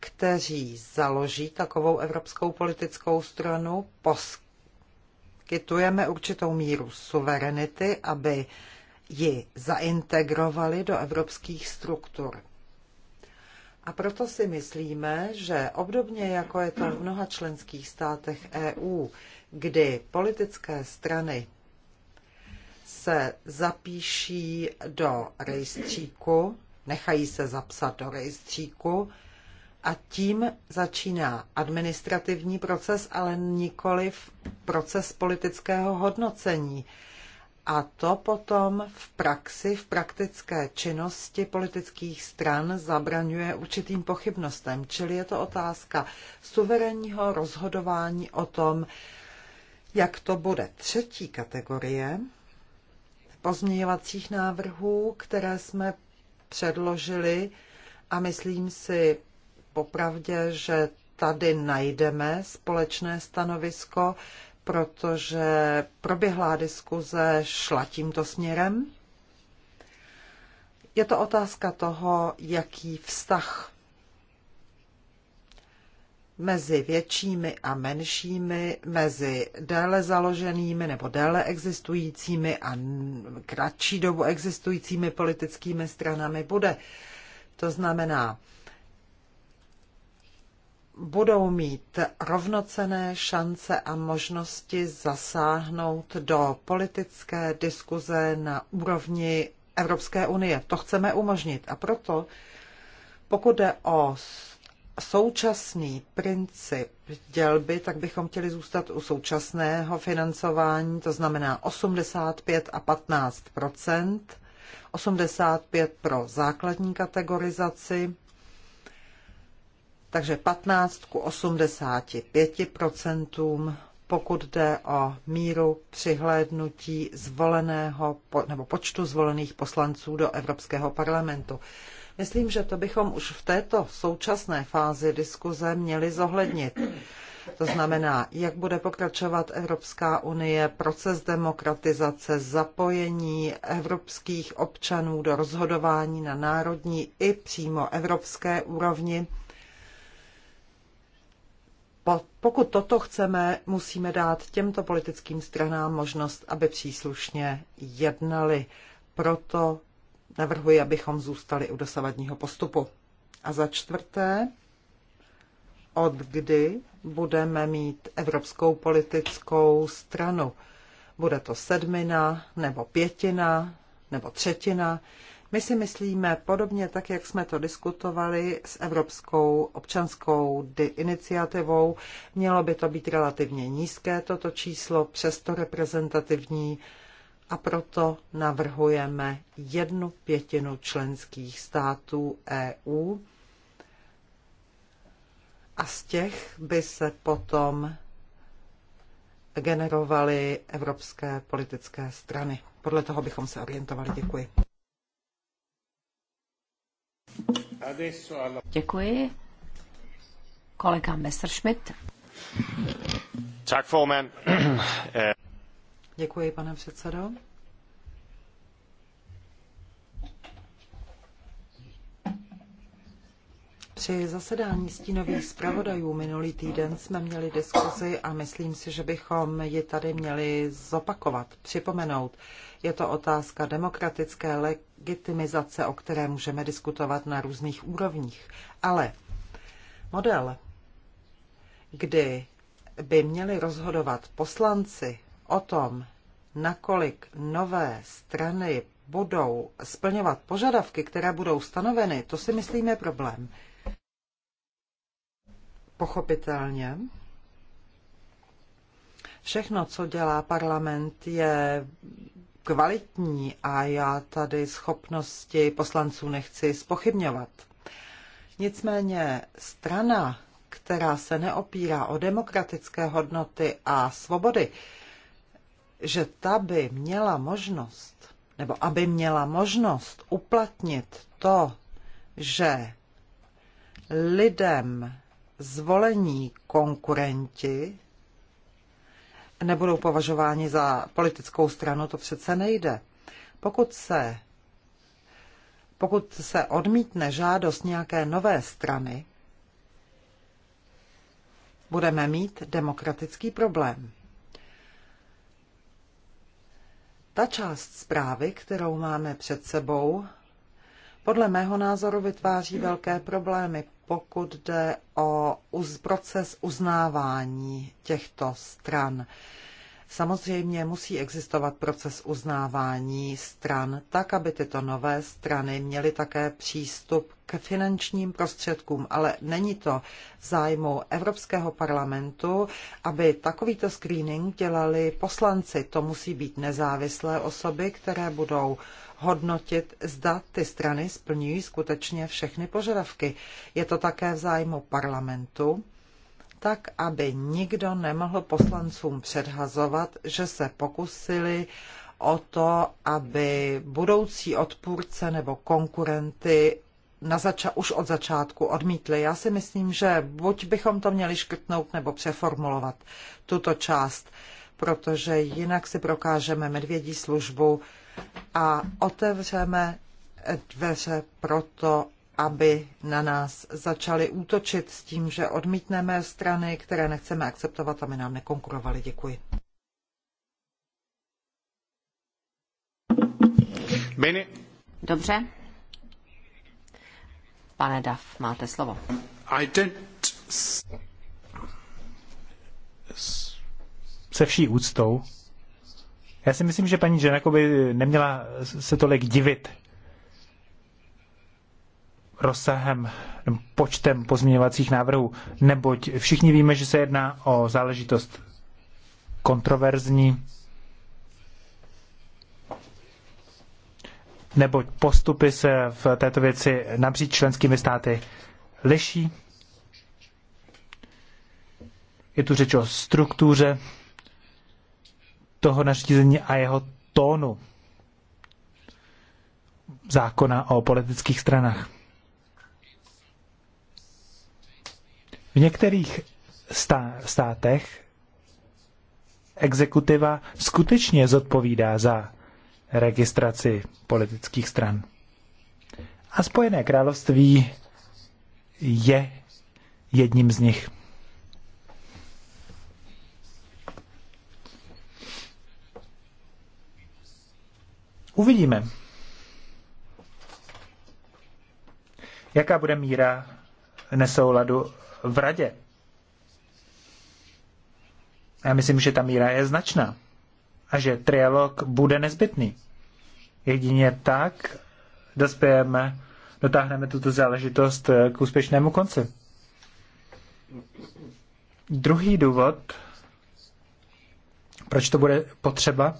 kteří založí takovou evropskou politickou stranu, poskytujeme určitou míru suverenity, aby ji zaintegrovali do evropských struktur. A proto si myslíme, že obdobně jako je to v mnoha členských státech EU, kdy politické strany se zapíší do rejstříku, nechají se zapsat do rejstříku a tím začíná administrativní proces, ale nikoliv proces politického hodnocení a to potom v praxi, v praktické činnosti politických stran zabraňuje určitým pochybnostem. Čili je to otázka suverénního rozhodování o tom, jak to bude. Třetí kategorie pozměňovacích návrhů, které jsme předložili a myslím si popravdě, že tady najdeme společné stanovisko, protože proběhlá diskuze šla tímto směrem. Je to otázka toho, jaký vztah mezi většími a menšími, mezi déle založenými nebo déle existujícími a kratší dobu existujícími politickými stranami bude. To znamená, budou mít rovnocené šance a možnosti zasáhnout do politické diskuze na úrovni Evropské unie. To chceme umožnit. A proto, pokud jde o současný princip dělby, tak bychom chtěli zůstat u současného financování, to znamená 85 a 15 85 pro základní kategorizaci, takže 15 k 85 procentům, pokud jde o míru přihlédnutí zvoleného nebo počtu zvolených poslanců do Evropského parlamentu. Myslím, že to bychom už v této současné fázi diskuze měli zohlednit. To znamená, jak bude pokračovat Evropská unie, proces demokratizace, zapojení evropských občanů do rozhodování na národní i přímo evropské úrovni pokud toto chceme, musíme dát těmto politickým stranám možnost, aby příslušně jednali. Proto navrhuji, abychom zůstali u dosavadního postupu. A za čtvrté, od kdy budeme mít evropskou politickou stranu. Bude to sedmina, nebo pětina, nebo třetina. My si myslíme podobně tak, jak jsme to diskutovali s Evropskou občanskou iniciativou. Mělo by to být relativně nízké toto číslo, přesto reprezentativní a proto navrhujeme jednu pětinu členských států EU a z těch by se potom generovaly evropské politické strany. Podle toho bychom se orientovali. Děkuji. Děkuji. Kolega Messerschmidt. Tak, Děkuji, pane předsedo. Při zasedání stínových zpravodajů minulý týden jsme měli diskuzi a myslím si, že bychom ji tady měli zopakovat, připomenout. Je to otázka demokratické legitimizace, o které můžeme diskutovat na různých úrovních. Ale model, kdy by měli rozhodovat poslanci o tom, nakolik nové strany budou splňovat požadavky, které budou stanoveny, to si myslím je problém pochopitelně. Všechno, co dělá parlament, je kvalitní a já tady schopnosti poslanců nechci spochybňovat. Nicméně strana, která se neopírá o demokratické hodnoty a svobody, že ta by měla možnost, nebo aby měla možnost uplatnit to, že lidem zvolení konkurenti nebudou považováni za politickou stranu, to přece nejde. Pokud se, pokud se odmítne žádost nějaké nové strany, budeme mít demokratický problém. Ta část zprávy, kterou máme před sebou, podle mého názoru vytváří velké problémy pokud jde o proces uznávání těchto stran. Samozřejmě musí existovat proces uznávání stran, tak aby tyto nové strany měly také přístup k finančním prostředkům, ale není to zájmu Evropského parlamentu, aby takovýto screening dělali poslanci. To musí být nezávislé osoby, které budou hodnotit, zda ty strany splňují skutečně všechny požadavky. Je to také v zájmu parlamentu, tak aby nikdo nemohl poslancům předhazovat, že se pokusili o to, aby budoucí odpůrce nebo konkurenty na zača- už od začátku odmítli. Já si myslím, že buď bychom to měli škrtnout nebo přeformulovat tuto část, protože jinak si prokážeme medvědí službu a otevřeme dveře pro to, aby na nás začali útočit s tím, že odmítneme strany, které nechceme akceptovat, aby nám nekonkurovali. Děkuji. Bene. Dobře. Pane Dav, máte slovo. I don't... Se vší úctou já si myslím, že paní Jenako by neměla se tolik divit rozsahem, počtem pozměňovacích návrhů, neboť všichni víme, že se jedná o záležitost kontroverzní, neboť postupy se v této věci napříč členskými státy liší. Je tu řeč o struktuře toho nařízení a jeho tónu zákona o politických stranách. V některých státech exekutiva skutečně zodpovídá za registraci politických stran. A Spojené království je jedním z nich. Uvidíme, jaká bude míra nesouladu v radě. Já myslím, že ta míra je značná a že trialog bude nezbytný. Jedině tak dospějeme, dotáhneme tuto záležitost k úspěšnému konci. Druhý důvod, proč to bude potřeba,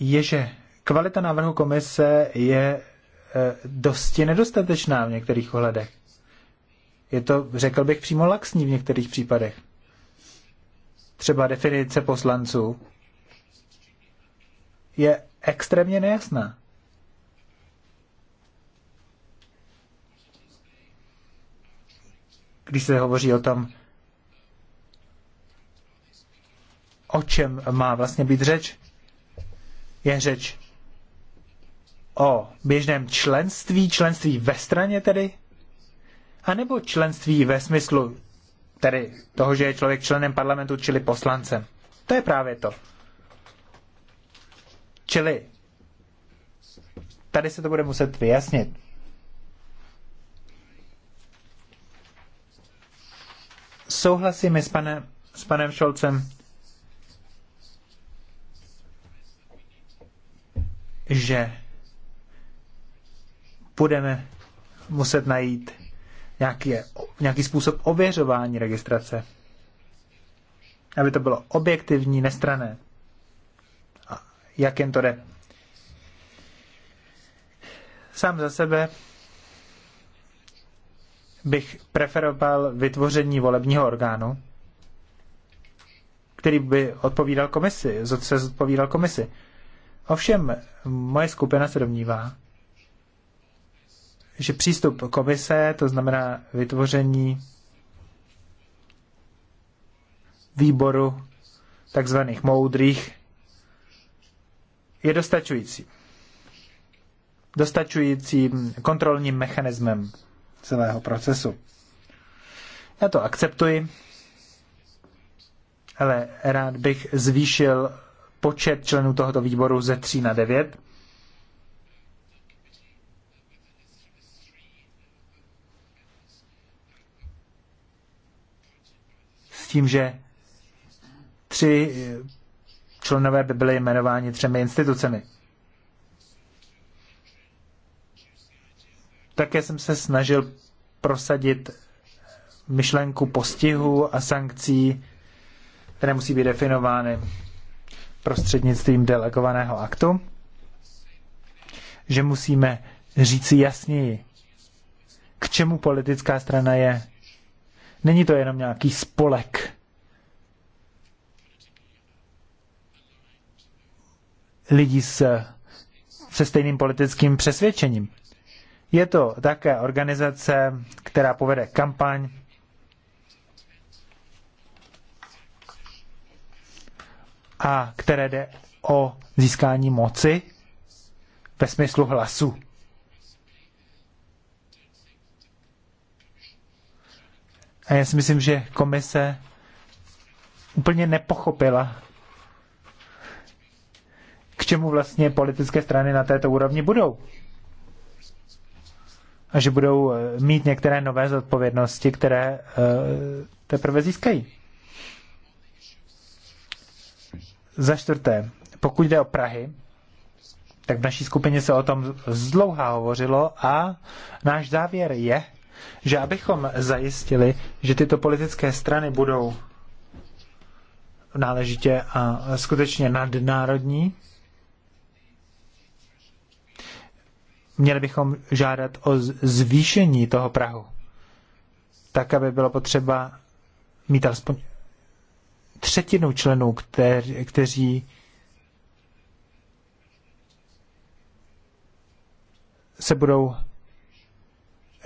je, že kvalita návrhu komise je eh, dosti nedostatečná v některých ohledech. Je to, řekl bych, přímo laxní v některých případech. Třeba definice poslanců je extrémně nejasná. Když se hovoří o tom, o čem má vlastně být řeč, je řeč o běžném členství, členství ve straně tedy, anebo členství ve smyslu tedy toho, že je člověk členem parlamentu, čili poslancem. To je právě to. Čili tady se to bude muset vyjasnit. Souhlasím s panem, s panem Šolcem že budeme muset najít nějaký, nějaký způsob ověřování registrace, aby to bylo objektivní, nestrané. A jak jen to jde. Sám za sebe bych preferoval vytvoření volebního orgánu, který by odpovídal komisi, se odpovídal komisi. Ovšem, moje skupina se domnívá, že přístup komise, to znamená vytvoření výboru takzvaných moudrých, je dostačující. Dostačujícím kontrolním mechanismem celého procesu. Já to akceptuji, ale rád bych zvýšil počet členů tohoto výboru ze 3 na 9. S tím, že tři členové by byly jmenováni třemi institucemi. Také jsem se snažil prosadit myšlenku postihu a sankcí, které musí být definovány prostřednictvím delegovaného aktu, že musíme říci jasněji, k čemu politická strana je. Není to jenom nějaký spolek lidí s, se stejným politickým přesvědčením. Je to také organizace, která povede kampaň, a které jde o získání moci ve smyslu hlasu. A já si myslím, že komise úplně nepochopila, k čemu vlastně politické strany na této úrovni budou. A že budou eh, mít některé nové zodpovědnosti, které eh, teprve získají. Za čtvrté, pokud jde o Prahy, tak v naší skupině se o tom zdlouhá hovořilo a náš závěr je, že abychom zajistili, že tyto politické strany budou náležitě a skutečně nadnárodní, měli bychom žádat o zvýšení toho Prahu, tak aby bylo potřeba mít alespoň třetinou členů, kter, kteří se budou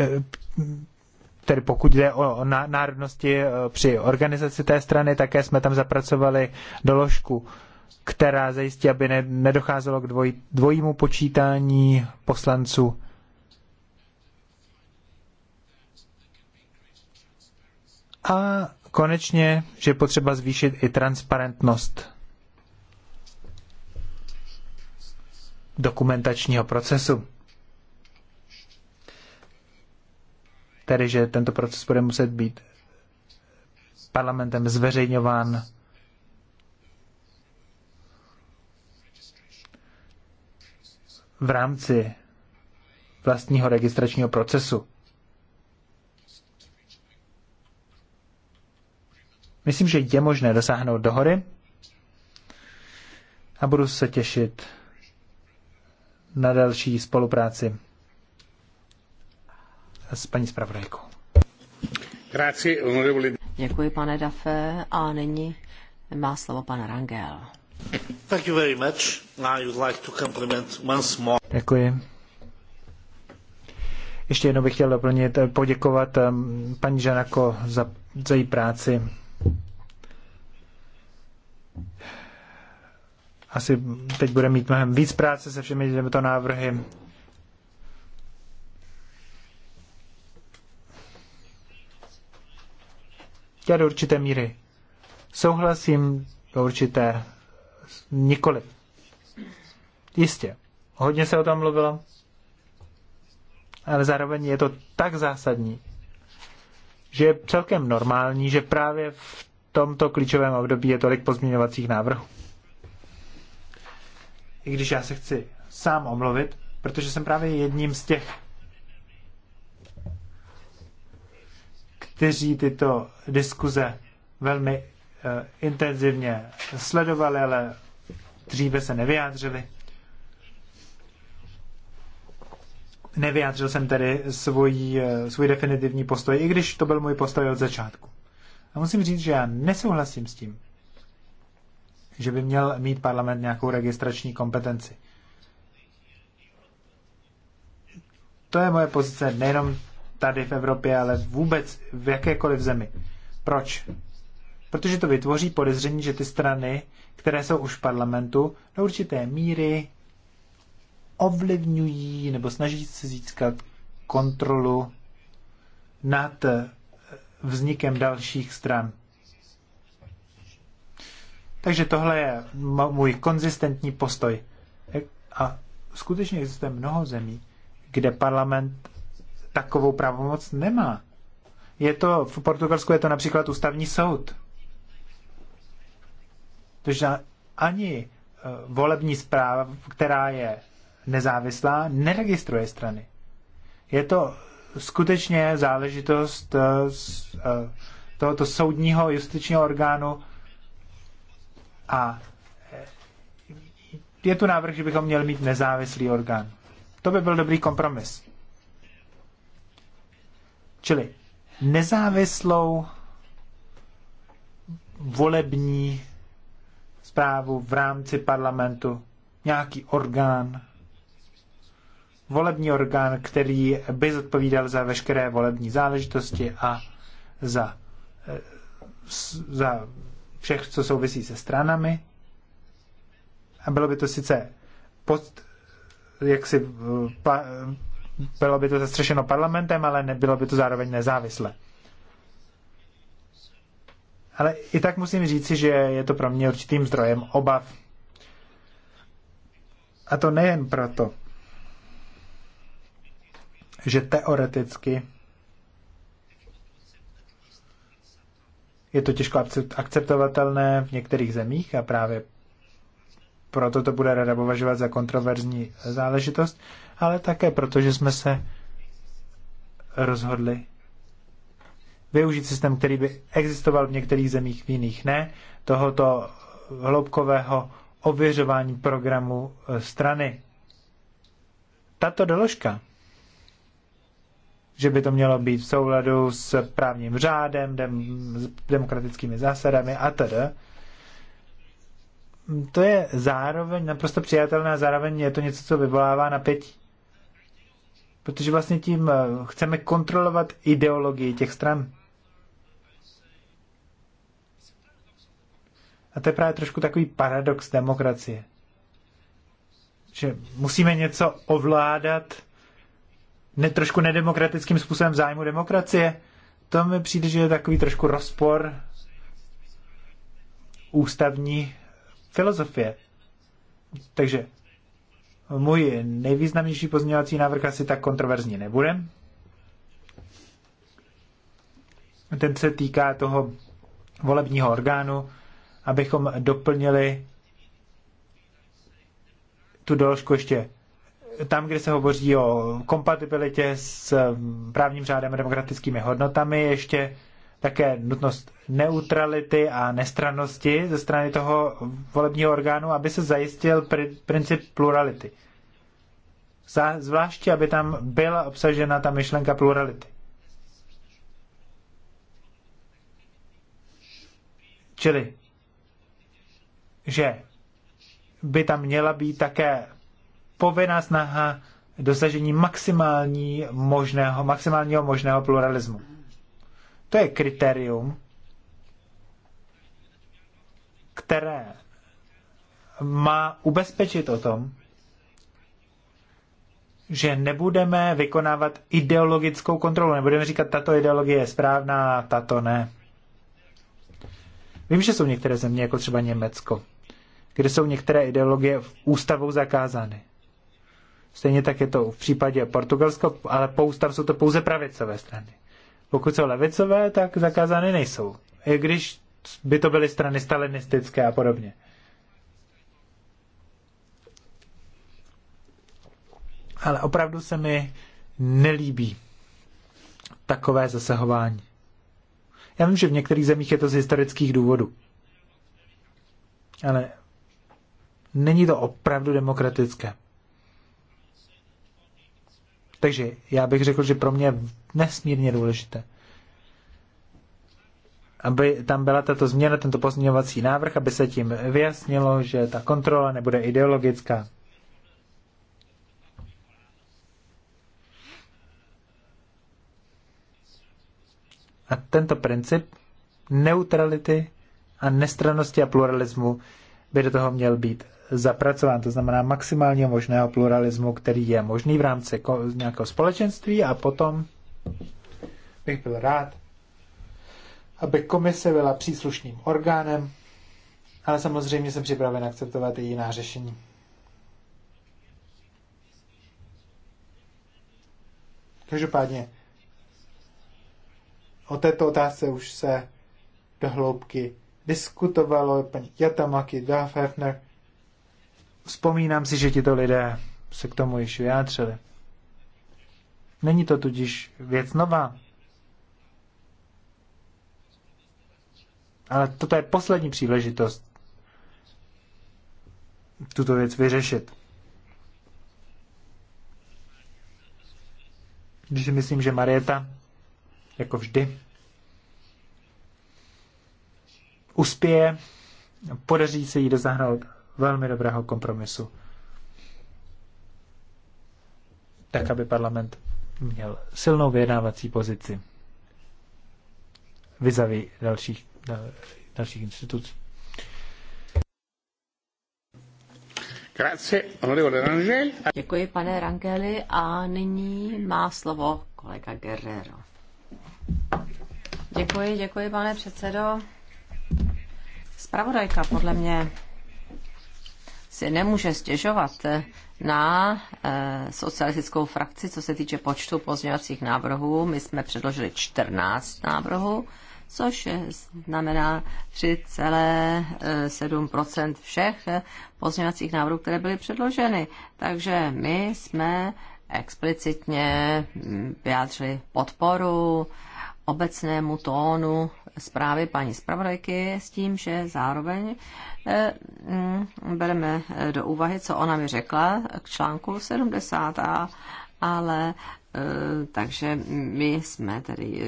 eh, tedy pokud jde o národnosti eh, při organizaci té strany, také jsme tam zapracovali doložku, která zajistí, aby nedocházelo k dvoj, dvojímu počítání poslanců. A Konečně, že je potřeba zvýšit i transparentnost dokumentačního procesu. Tedy, že tento proces bude muset být parlamentem zveřejňován v rámci vlastního registračního procesu. Myslím, že je možné dosáhnout dohody a budu se těšit na další spolupráci s paní zpravodajkou. Děkuji, pane Dafe. A nyní má slovo pan Rangel. Thank you very much. I like to compliment once more. Děkuji. Ještě jednou bych chtěl doplnit, poděkovat um, paní Žanako za, za její práci asi teď bude mít mnohem víc práce se všemi těmito návrhy. Já do určité míry souhlasím, do určité nikoli. Jistě, hodně se o tom mluvilo, ale zároveň je to tak zásadní, že je celkem normální, že právě v tomto klíčovém období je tolik pozměňovacích návrhů. I když já se chci sám omluvit, protože jsem právě jedním z těch, kteří tyto diskuze velmi uh, intenzivně sledovali, ale dříve se nevyjádřili. Nevyjádřil jsem tedy svůj, eh, svůj definitivní postoj, i když to byl můj postoj od začátku. A musím říct, že já nesouhlasím s tím, že by měl mít parlament nějakou registrační kompetenci. To je moje pozice nejenom tady v Evropě, ale vůbec v jakékoliv zemi. Proč? Protože to vytvoří podezření, že ty strany, které jsou už v parlamentu, do určité míry ovlivňují nebo snaží se získat kontrolu nad vznikem dalších stran. Takže tohle je můj konzistentní postoj. A skutečně existuje mnoho zemí, kde parlament takovou pravomoc nemá. Je to, v Portugalsku je to například ústavní soud. Takže ani e, volební zpráva, která je nezávislá, neregistruje strany. Je to skutečně záležitost eh, z eh, tohoto soudního justičního orgánu a eh, je tu návrh, že bychom měli mít nezávislý orgán. To by byl dobrý kompromis. Čili nezávislou volební zprávu v rámci parlamentu, nějaký orgán, volební orgán, který by zodpovídal za veškeré volební záležitosti a za, eh, za všech, co souvisí se stranami. A bylo by to sice pod, jak si, eh, pa, bylo by to zastřešeno parlamentem, ale nebylo by to zároveň nezávislé. Ale i tak musím říci, že je to pro mě určitým zdrojem obav. A to nejen proto, že teoreticky je to těžko akceptovatelné v některých zemích a právě proto to bude rada považovat za kontroverzní záležitost, ale také proto, že jsme se rozhodli využít systém, který by existoval v některých zemích, v jiných ne, tohoto hloubkového ověřování programu eh, strany. Tato doložka že by to mělo být v souladu s právním řádem, dem, s demokratickými zásadami a tedy. To je zároveň naprosto přijatelné a zároveň je to něco, co vyvolává napětí. Protože vlastně tím eh, chceme kontrolovat ideologii těch stran. A to je právě trošku takový paradox demokracie. Že musíme něco ovládat, ne, trošku nedemokratickým způsobem v zájmu demokracie. To mi přijde, že je takový trošku rozpor ústavní filozofie. Takže můj nejvýznamnější pozměňovací návrh asi tak kontroverzní nebude. Ten se týká toho volebního orgánu, abychom doplnili tu doložku ještě tam, kde se hovoří o kompatibilitě s eh, právním řádem a demokratickými hodnotami, ještě také nutnost neutrality a nestrannosti ze strany toho volebního orgánu, aby se zajistil pr- princip plurality. Za, zvláště, aby tam byla obsažena ta myšlenka plurality. Čili, že by tam měla být také povinná snaha dosažení maximální možného, maximálního možného pluralismu. To je kritérium, které má ubezpečit o tom, že nebudeme vykonávat ideologickou kontrolu, nebudeme říkat, tato ideologie je správná, tato ne. Vím, že jsou některé země, jako třeba Německo, kde jsou některé ideologie v ústavou zakázány. Stejně tak je to v případě Portugalska, ale tam jsou to pouze pravicové strany. Pokud jsou levicové, tak zakázány nejsou. I když by to byly strany stalinistické a podobně. Ale opravdu se mi nelíbí takové zasahování. Já vím, že v některých zemích je to z historických důvodů. Ale není to opravdu demokratické. Takže já bych řekl, že pro mě nesmírně důležité, aby tam byla tato změna, tento pozměňovací návrh, aby se tím vyjasnilo, že ta kontrola nebude ideologická. A tento princip neutrality a nestranosti a pluralismu by do toho měl být zapracován, to znamená maximálně možného pluralismu, který je možný v rámci nějakého společenství a potom bych byl rád, aby komise byla příslušným orgánem, ale samozřejmě jsem připraven akceptovat i jiná řešení. Každopádně o této otázce už se do hloubky diskutovalo, paní Jatamaki, Duff Hefner Vzpomínám si, že tito lidé se k tomu již vyjádřili. Není to tudíž věc nová. Ale toto je poslední příležitost tuto věc vyřešit. Když si myslím, že Marieta, jako vždy, uspěje, podaří se jí dosáhnout velmi dobrého kompromisu. Tak, aby parlament měl silnou vyjednávací pozici vizavy dalších, dalších institucí. Děkuji, pane Rangeli, a nyní má slovo kolega Guerrero. Děkuji, děkuji, pane předsedo. Spravodajka podle mě si nemůže stěžovat na eh, socialistickou frakci, co se týče počtu pozměňovacích návrhů. My jsme předložili 14 návrhů, což znamená 3,7 všech pozměňovacích návrhů, které byly předloženy. Takže my jsme explicitně mm, vyjádřili podporu obecnému tónu zprávy paní zpravodajky s tím, že zároveň eh, mm, bereme eh, do úvahy, co ona mi řekla k článku 70, a, ale eh, takže my jsme tedy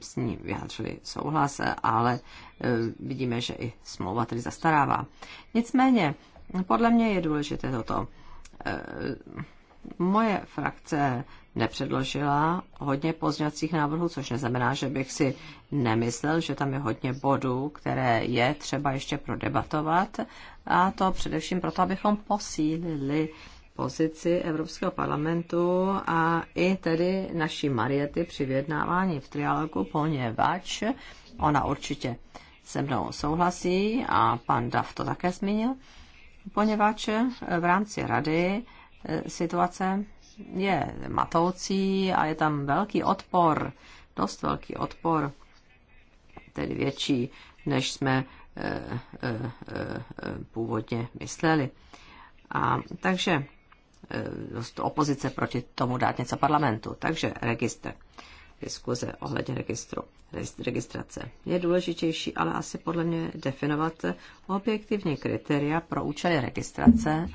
s ní vyjádřili souhlas, ale vidíme, že i smlouva tedy zastarává. Nicméně, podle mě je důležité toto. Moje frakce nepředložila hodně pozňovacích návrhů, což neznamená, že bych si nemyslel, že tam je hodně bodů, které je třeba ještě prodebatovat. A to především proto, abychom posílili pozici Evropského parlamentu a i tedy naší Mariety při vyjednávání v trialogu, poněvadž ona určitě se mnou souhlasí a pan Dav to také zmínil, poněvadž v rámci rady eh, situace je matoucí a je tam velký odpor, dost velký odpor, tedy větší, než jsme eh, eh, eh, původně mysleli. A takže opozice proti tomu dát něco parlamentu. Takže registr, diskuze ohledně registru, registrace. Je důležitější ale asi podle mě definovat objektivní kritéria pro účely registrace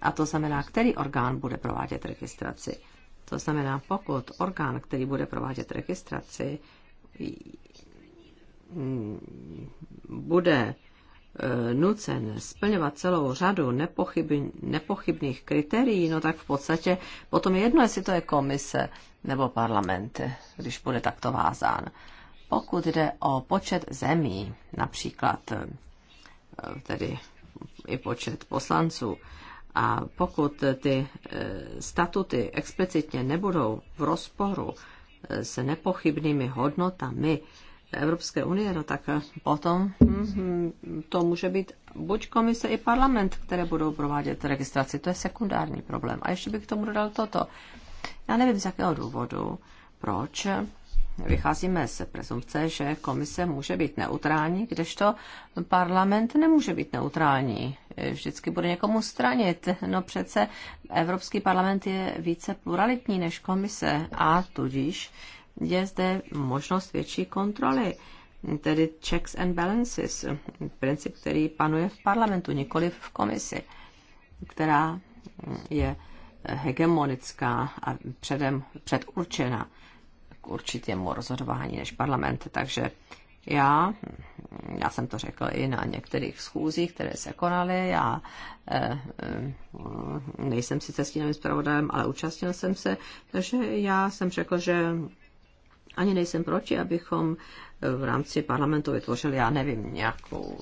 a to znamená, který orgán bude provádět registraci. To znamená, pokud orgán, který bude provádět registraci, bude eh, nucen splňovat celou řadu nepochyb, nepochybných kritérií, no tak v podstatě potom je jedno, jestli to je komise nebo parlament, když bude takto vázán. Pokud jde o počet zemí, například eh, tedy i počet poslanců, a pokud ty eh, statuty explicitně nebudou v rozporu eh, s nepochybnými hodnotami Evropské unie, no tak eh, potom mhm, to může být buď komise i parlament, které budou provádět registraci. To je sekundární problém. A ještě bych k tomu dodal toto. Já nevím, z jakého důvodu, proč vycházíme z prezumce, že komise může být neutrální, kdežto parlament nemůže být neutrální. Vždycky bude někomu stranit. No přece Evropský parlament je více pluralitní než komise a tudíž je zde možnost větší kontroly tedy checks and balances, princip, který panuje v parlamentu, nikoli v komisi, která je hegemonická a předem předurčená k určitému rozhodování než parlament. Takže já, já jsem to řekl i na některých schůzích, které se konaly, já e, e, nejsem sice zpravodajem, ale účastnil jsem se, takže já jsem řekl, že ani nejsem proti, abychom eh, v rámci parlamentu vytvořili, já nevím, nějakou,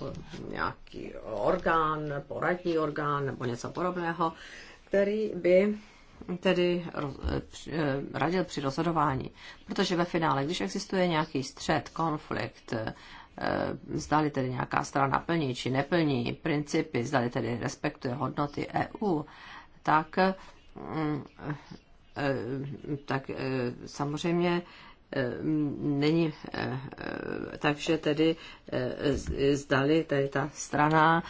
nějaký orgán, poradní orgán nebo něco podobného, který by tedy eh, eh, radil při rozhodování. Protože ve finále, když existuje nějaký střed, konflikt, eh, zdali tedy nějaká strana plní či neplní principy, zdali tedy respektuje hodnoty EU, tak, mm, tak samozřejmě není, takže tedy zdali tedy ta strana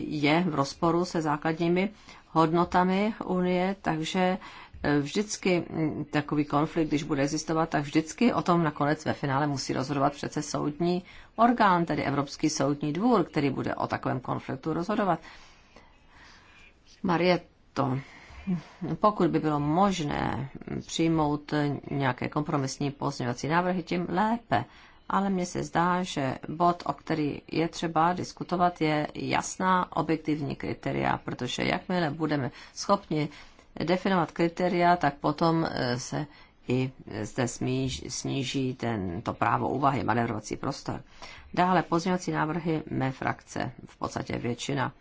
je v rozporu se základními hodnotami Unie, takže e, vždycky takový konflikt, když bude existovat, tak vždycky o tom nakonec ve finále musí rozhodovat přece soudní orgán, tedy Evropský soudní dvůr, který bude o takovém konfliktu rozhodovat. Marieto, pokud by bylo možné přijmout nějaké kompromisní pozměňovací návrhy, tím lépe ale mně se zdá, že bod, o který je třeba diskutovat, je jasná objektivní kritéria, protože jakmile budeme schopni definovat kritéria, tak potom e, se i zde sníží ten, to právo úvahy, manevrovací prostor. Dále pozměňovací návrhy mé frakce, v podstatě většina,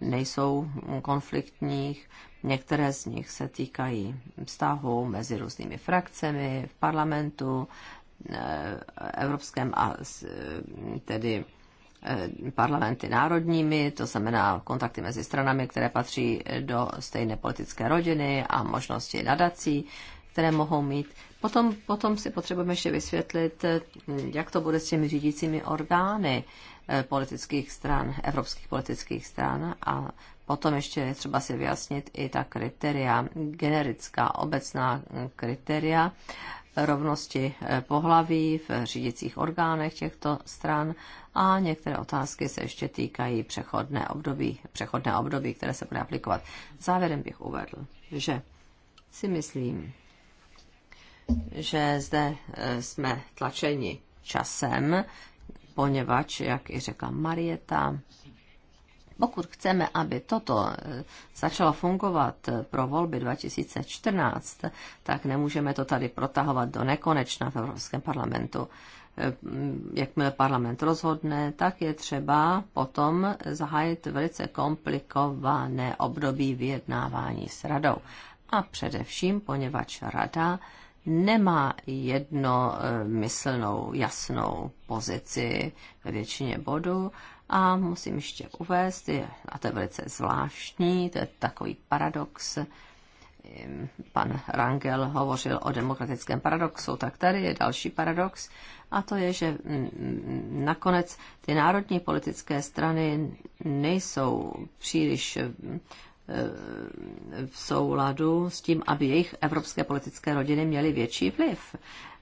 nejsou konfliktních. Některé z nich se týkají vztahu mezi různými frakcemi v parlamentu, Eh, evropském a eh, tedy eh, parlamenty národními, to znamená kontakty mezi stranami, které patří do stejné politické rodiny a možnosti nadací, které mohou mít. Potom, potom si potřebujeme ještě vysvětlit, jak to bude s těmi řídícími orgány politických stran, evropských politických stran a potom ještě je třeba si vyjasnit i ta kritéria, generická, obecná kritéria rovnosti eh, pohlaví v řídicích orgánech těchto stran a některé otázky se ještě týkají přechodné období, přechodné období, které se bude aplikovat. Závěrem bych uvedl, že si myslím, že zde eh, jsme tlačeni časem, poněvadž, jak i řekla Marieta, pokud chceme, aby toto eh, začalo fungovat eh, pro volby 2014, tak nemůžeme to tady protahovat do nekonečna v Evropském parlamentu. Eh, mm, jakmile parlament rozhodne, tak je třeba potom zahájit velice komplikované období vyjednávání s radou. A především, poněvadž rada nemá jednomyslnou jasnou pozici ve většině bodů a musím ještě uvést, je, a to je velice zvláštní, to je takový paradox, pan Rangel hovořil o demokratickém paradoxu, tak tady je další paradox a to je, že mm, mm, nakonec ty národní politické strany nejsou příliš eh, v souladu s tím, aby jejich evropské politické rodiny měly větší vliv.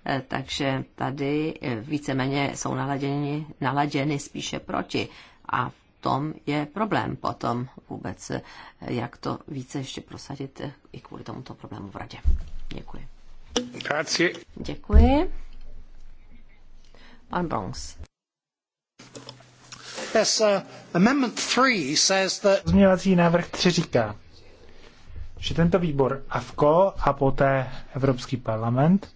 Eh, takže tady eh, víceméně jsou naladěni, naladěny spíše proti. A v tom je problém potom vůbec, eh, jak to více ještě prosadit i kvůli tomuto problému v radě. Děkuji. Grazie. Děkuji. Pan Bronx. Yes, uh, amendment three says that... Pozměňovací návrh 3 říká, že tento výbor AFKO a poté Evropský parlament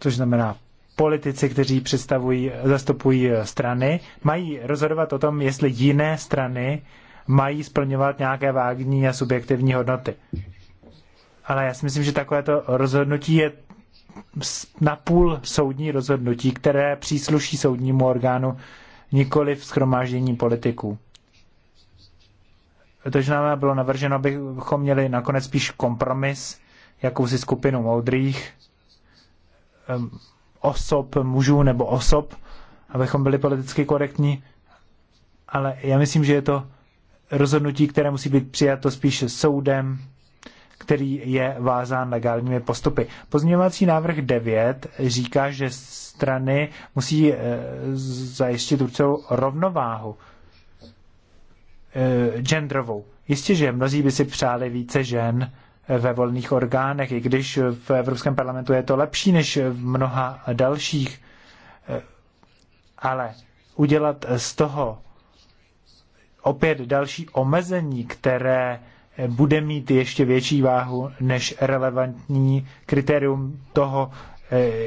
což znamená politici, kteří představují, zastupují strany, mají rozhodovat o tom, jestli jiné strany mají splňovat nějaké vágní a subjektivní hodnoty. Ale já si myslím, že takovéto rozhodnutí je napůl soudní rozhodnutí, které přísluší soudnímu orgánu, nikoli v schromáždění politiků. Takže nám bylo navrženo, abychom měli nakonec spíš kompromis, jakousi skupinu moudrých, osob mužů nebo osob, abychom byli politicky korektní, ale já myslím, že je to rozhodnutí, které musí být přijato spíše soudem, který je vázán legálními postupy. Pozměňovací návrh 9 říká, že strany musí eh, zajistit určitou rovnováhu eh, genderovou. Jistě, že mnozí by si přáli více žen, ve volných orgánech, i když v Evropském parlamentu je to lepší než v mnoha dalších. Ale udělat z toho opět další omezení, které bude mít ještě větší váhu než relevantní kritérium toho, eh,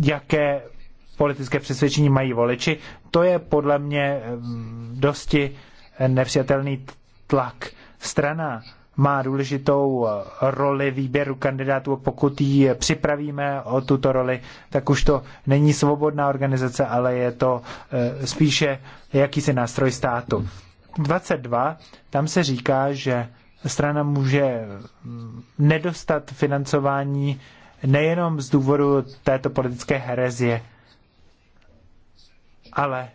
jaké politické přesvědčení mají voliči, to je podle mě mm, dosti nepřijatelný tlak. Strana, má důležitou eh, roli výběru kandidátů. Pokud ji připravíme o tuto roli, tak už to není svobodná organizace, ale je to eh, spíše jakýsi nástroj státu. 22, tam se říká, že strana může mm, nedostat financování nejenom z důvodu této politické herezie, ale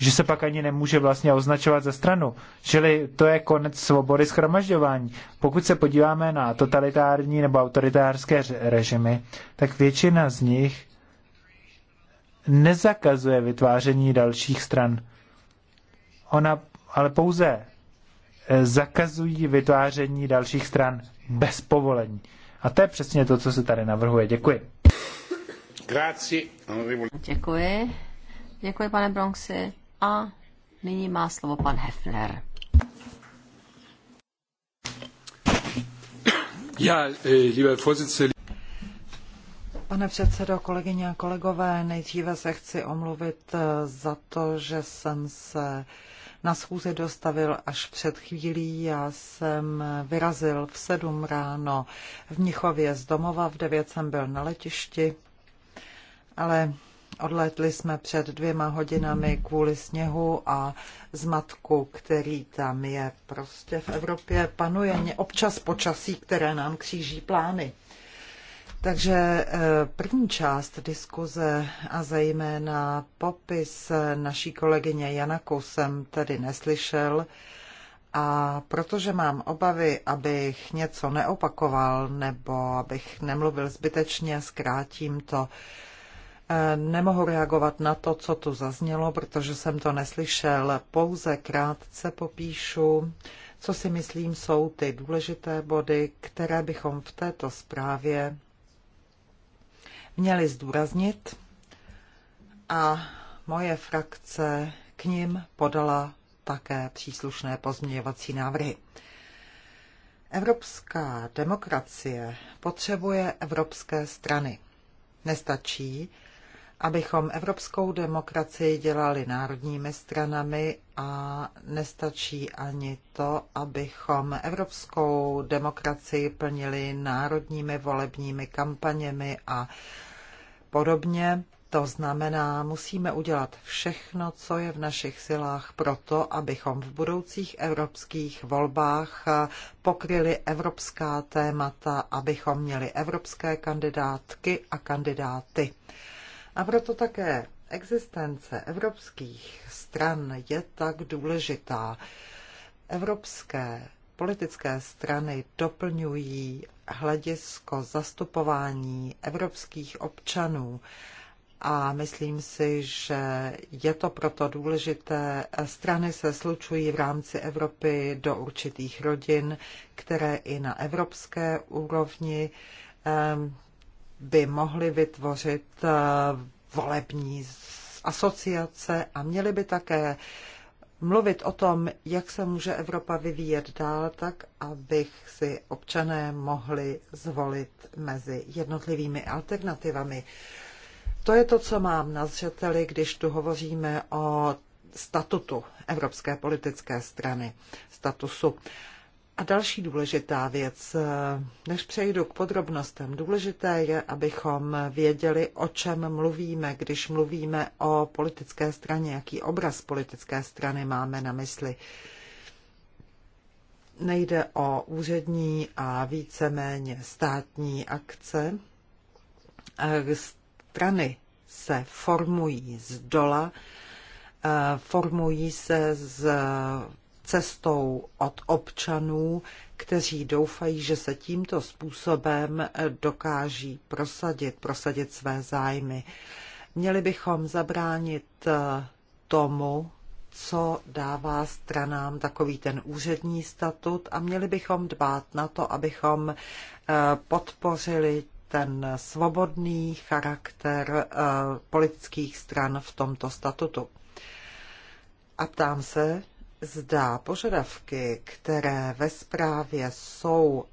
že se pak ani nemůže vlastně označovat za stranu. Čili to je konec svobody schromažďování. Pokud se podíváme na totalitární nebo autoritářské režimy, tak většina z nich nezakazuje vytváření dalších stran. Ona ale pouze eh, zakazují vytváření dalších stran bez povolení. A to je přesně to, co se tady navrhuje. Děkuji. Děkuji. Děkuji, pane Bronxy. A nyní má slovo pan Hefner. Já, eh, liebe Vorsitzende, Pane předsedo, kolegyně a kolegové, nejdříve se chci omluvit eh, za to, že jsem se na schůzi dostavil až před chvílí. Já jsem vyrazil v sedm ráno v Mnichově z domova, v devět jsem byl na letišti, ale Odlétli jsme před dvěma hodinami kvůli sněhu a zmatku, který tam je. Prostě v Evropě panuje občas počasí, které nám kříží plány. Takže eh, první část diskuze a zejména popis naší kolegyně Janaku jsem tedy neslyšel. A protože mám obavy, abych něco neopakoval nebo abych nemluvil zbytečně, zkrátím to. Nemohu reagovat na to, co tu zaznělo, protože jsem to neslyšel. Pouze krátce popíšu, co si myslím jsou ty důležité body, které bychom v této zprávě měli zdůraznit. A moje frakce k nim podala také příslušné pozměňovací návrhy. Evropská demokracie potřebuje evropské strany. Nestačí, abychom evropskou demokracii dělali národními stranami a nestačí ani to, abychom evropskou demokracii plnili národními volebními kampaněmi a podobně. To znamená, musíme udělat všechno, co je v našich silách proto, abychom v budoucích evropských volbách pokryli evropská témata, abychom měli evropské kandidátky a kandidáty. A proto také existence evropských stran je tak důležitá. Evropské politické strany doplňují hledisko zastupování evropských občanů a myslím si, že je to proto důležité. Strany se slučují v rámci Evropy do určitých rodin, které i na evropské úrovni ehm, by mohly vytvořit eh, volební asociace a měly by také mluvit o tom, jak se může Evropa vyvíjet dál, tak abych si občané mohli zvolit mezi jednotlivými alternativami. To je to, co mám na zřeteli, když tu hovoříme o statutu Evropské politické strany, statusu. A další důležitá věc, než přejdu k podrobnostem, důležité je, abychom věděli, o čem mluvíme, když mluvíme o politické straně, jaký obraz politické strany máme na mysli. Nejde o úřední a víceméně státní akce. Strany se formují z dola, formují se z cestou od občanů, kteří doufají, že se tímto způsobem dokáží prosadit, prosadit své zájmy. Měli bychom zabránit eh, tomu, co dává stranám takový ten úřední statut a měli bychom dbát na to, abychom eh, podpořili ten svobodný charakter eh, politických stran v tomto statutu. A ptám se, zda požadavky, které ve zprávě jsou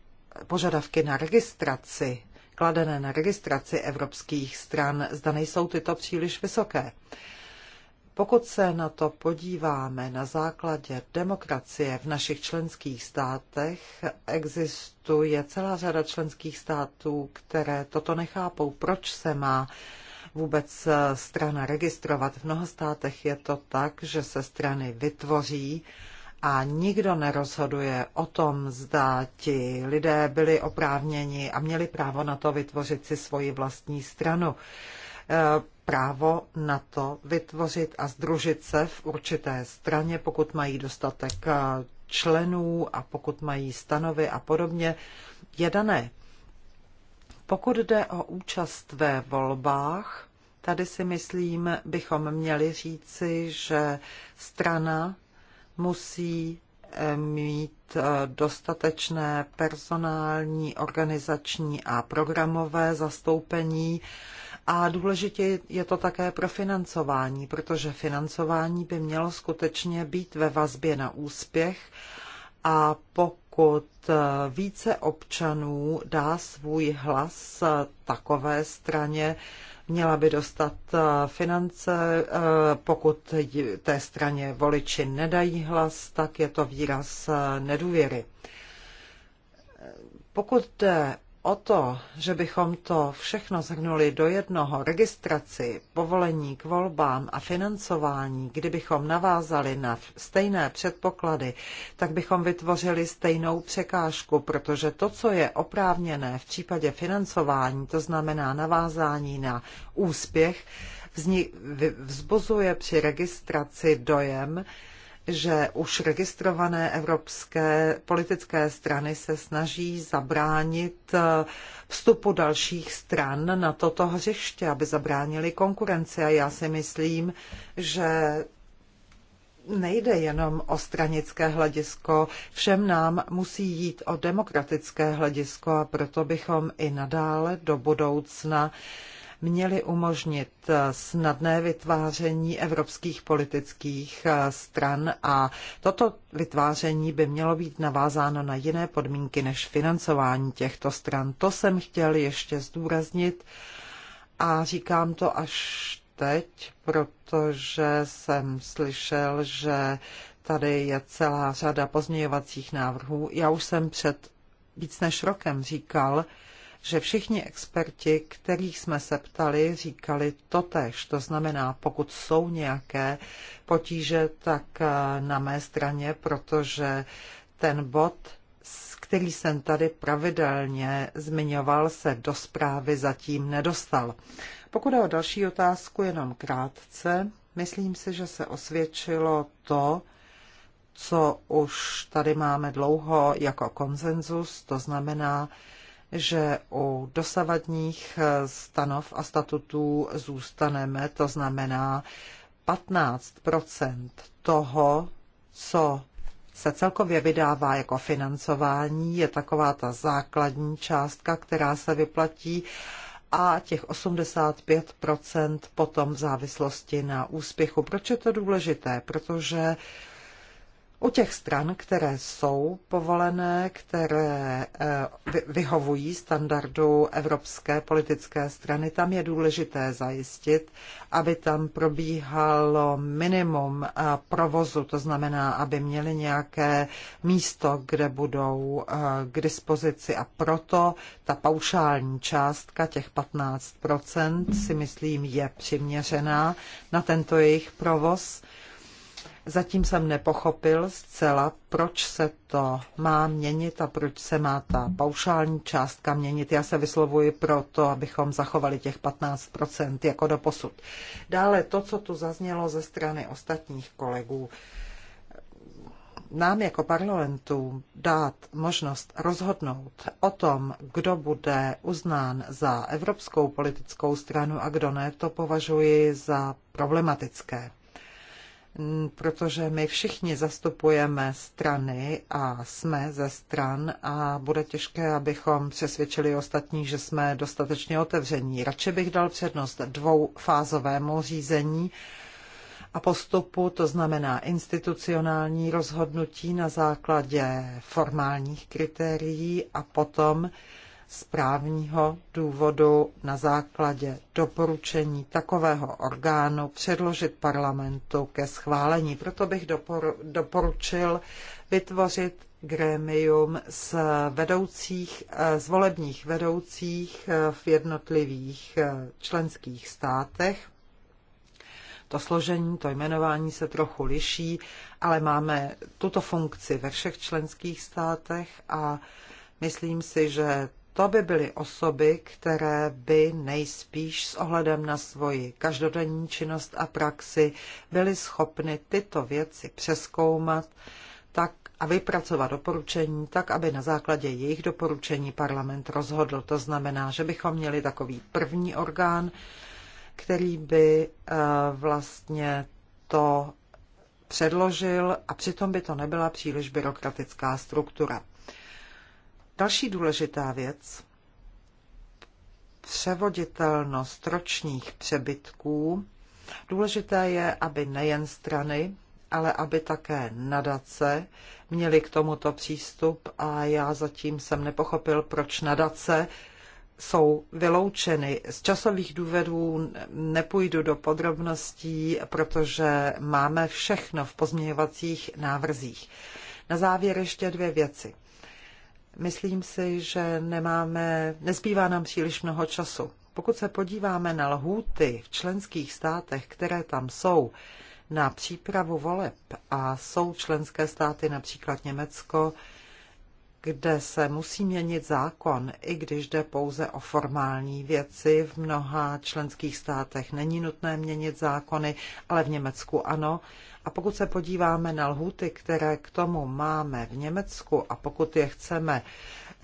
požadavky na registraci, kladené na registraci evropských stran, zda nejsou tyto příliš vysoké. Pokud se na to podíváme na základě demokracie v našich členských státech, existuje celá řada členských států, které toto nechápou, proč se má vůbec eh, strana registrovat. V mnoha státech je to tak, že se strany vytvoří a nikdo nerozhoduje o tom, zda ti lidé byli oprávněni a měli právo na to vytvořit si svoji vlastní stranu. Eh, právo na to vytvořit a združit se v určité straně, pokud mají dostatek eh, členů a pokud mají stanovy a podobně, je dané. Pokud jde o účast ve volbách, Tady si myslím, bychom měli říci, že strana musí eh, mít eh, dostatečné personální, organizační a programové zastoupení. A důležitě je to také pro financování, protože financování by mělo skutečně být ve vazbě na úspěch a pokud pokud více občanů dá svůj hlas takové straně, měla by dostat finance, pokud té straně voliči nedají hlas, tak je to výraz nedůvěry. Pokud jde o to, že bychom to všechno zhnuli do jednoho, registraci, povolení k volbám a financování, kdybychom navázali na stejné předpoklady, tak bychom vytvořili stejnou překážku, protože to, co je oprávněné v případě financování, to znamená navázání na úspěch, vzbuzuje při registraci dojem, že už registrované evropské politické strany se snaží zabránit eh, vstupu dalších stran na toto hřiště, aby zabránili konkurenci. A já si myslím, že nejde jenom o stranické hledisko, všem nám musí jít o demokratické hledisko a proto bychom i nadále do budoucna uh, měly umožnit eh, snadné vytváření evropských politických eh, stran a toto vytváření by mělo být navázáno na jiné podmínky než financování těchto stran. To jsem chtěl ještě zdůraznit a říkám to až teď, protože jsem slyšel, že tady je celá řada pozměňovacích návrhů. Já už jsem před víc než rokem říkal, že všichni experti, kterých jsme se ptali, říkali totež. To znamená, pokud jsou nějaké potíže, tak eh, na mé straně, protože ten bod, který jsem tady pravidelně zmiňoval, se do zprávy zatím nedostal. Pokud je o další otázku, jenom krátce, myslím si, že se osvědčilo to, co už tady máme dlouho jako konsenzus, to znamená, že u dosavadních eh, stanov a statutů zůstaneme, to znamená 15 toho, co se celkově vydává jako financování, je taková ta základní částka, která se vyplatí a těch 85 potom v závislosti na úspěchu. Proč je to důležité? Protože u těch stran, které jsou povolené, které eh, vyhovují standardu Evropské politické strany, tam je důležité zajistit, aby tam probíhalo minimum eh, provozu, to znamená, aby měli nějaké místo, kde budou eh, k dispozici a proto ta paušální částka těch 15% si myslím je přiměřená na tento jejich provoz Zatím jsem nepochopil zcela, proč se to má měnit a proč se má ta paušální částka měnit. Já se vyslovuji pro to, abychom zachovali těch 15% jako do posud. Dále to, co tu zaznělo ze strany ostatních kolegů, nám jako parlamentu dát možnost rozhodnout o tom, kdo bude uznán za evropskou politickou stranu a kdo ne, to považuji za problematické. Mm, protože my všichni zastupujeme strany a jsme ze stran a bude těžké, abychom přesvědčili ostatní, že jsme dostatečně otevření. Radši bych dal přednost dvoufázovému řízení a postupu, to znamená institucionální rozhodnutí na základě formálních kritérií a potom správního důvodu na základě doporučení takového orgánu předložit parlamentu ke schválení. Proto bych doporučil vytvořit grémium z vedoucích, eh, z volebních vedoucích eh, v jednotlivých eh, členských státech. To složení, to jmenování se trochu liší, ale máme tuto funkci ve všech členských státech a myslím si, že to by byly osoby, které by nejspíš s ohledem na svoji každodenní činnost a praxi byly schopny tyto věci přeskoumat tak a vypracovat doporučení tak, aby na základě jejich doporučení parlament rozhodl. To znamená, že bychom měli takový první orgán, který by eh, vlastně to předložil a přitom by to nebyla příliš byrokratická struktura. Další důležitá věc, převoditelnost ročních přebytků. Důležité je, aby nejen strany, ale aby také nadace měly k tomuto přístup a já zatím jsem nepochopil, proč nadace jsou vyloučeny. Z časových důvodů nepůjdu do podrobností, protože máme všechno v pozměňovacích návrzích. Na závěr ještě dvě věci. Myslím si, že nemáme, nezbývá nám příliš mnoho času. Pokud se podíváme na lhůty v členských státech, které tam jsou, na přípravu voleb a jsou členské státy, například Německo, kde se musí měnit zákon, i když jde pouze o formální věci. V mnoha členských státech není nutné měnit zákony, ale v Německu ano. A pokud se podíváme na lhuty, které k tomu máme v Německu a pokud je chceme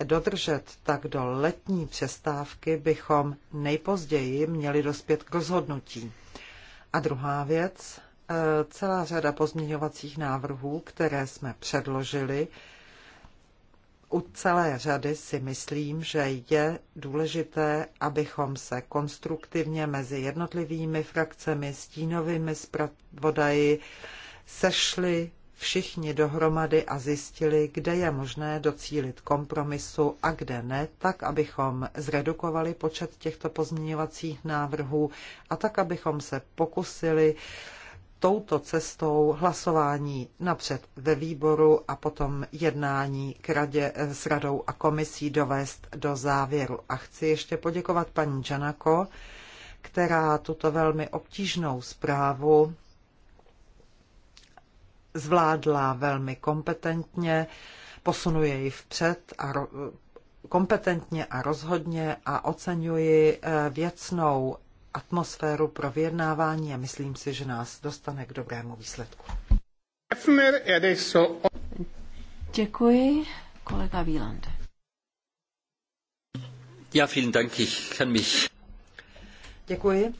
dodržet, tak do letní přestávky bychom nejpozději měli dospět k rozhodnutí. A druhá věc, e, celá řada pozměňovacích návrhů, které jsme předložili, u celé řady si myslím, že je důležité, abychom se konstruktivně mezi jednotlivými frakcemi, stínovými zpravodaji sešli všichni dohromady a zjistili, kde je možné docílit kompromisu a kde ne, tak abychom zredukovali počet těchto pozměňovacích návrhů a tak abychom se pokusili uh, touto cestou hlasování napřed ve výboru a potom jednání k radě, eh, s radou a komisí dovést do závěru. A chci ještě poděkovat paní Janako, která tuto velmi obtížnou zprávu zvládla velmi kompetentně, posunuje ji vpřed a kompetentně a rozhodně a oceňuji eh, věcnou atmosféru pro vyjednávání a myslím si, že nás dostane k dobrému výsledku. Děkuji, kolega Wieland. Ja, vielen Dank, ich kann mich. Děkuji.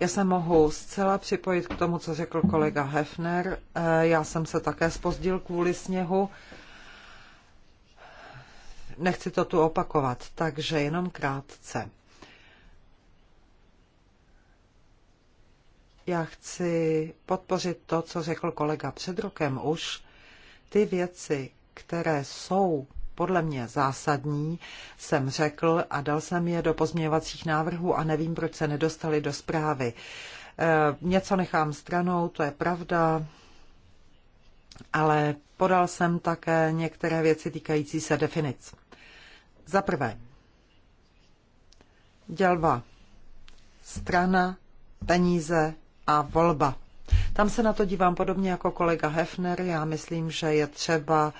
Já se mohu zcela připojit k tomu, co řekl kolega Hefner. Eh, já jsem se také spozdil kvůli sněhu. Nechci to tu opakovat, takže jenom krátce. Já chci podpořit to, co řekl kolega před rokem už. Ty věci, které jsou podle mě zásadní, jsem řekl a dal jsem je do pozměňovacích návrhů a nevím, proč se nedostali do zprávy. E, něco nechám stranou, to je pravda, ale podal jsem také některé věci týkající se definic. Za prvé, dělba, strana, peníze, a volba. Tam se na to dívám podobně jako kolega Hefner. Já myslím, že je třeba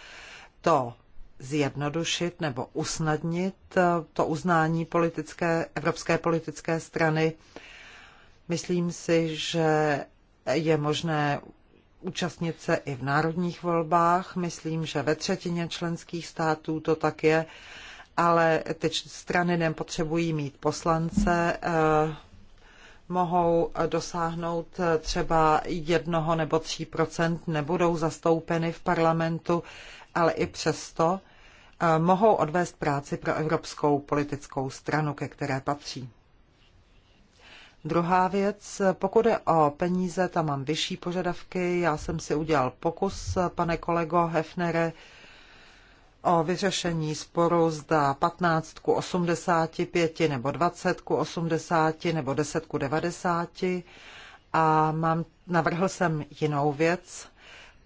to zjednodušit nebo usnadnit eh, to uznání politické, evropské politické strany. Myslím si, že je možné účastnit se i v národních volbách. Myslím, že ve třetině členských států to tak je, ale ty strany nepotřebují mít poslance. Eh, mohou eh, dosáhnout eh, třeba jednoho nebo tří procent, nebudou zastoupeny v parlamentu, ale i přesto eh, mohou odvést práci pro evropskou politickou stranu, ke které patří. Druhá věc, pokud je o peníze, tam mám vyšší požadavky. Já jsem si udělal pokus, pane kolego Hefnere, o vyřešení sporu zda 15 ku 85 nebo 20 ku 80 nebo 10 ku 90 a mám, navrhl jsem jinou věc,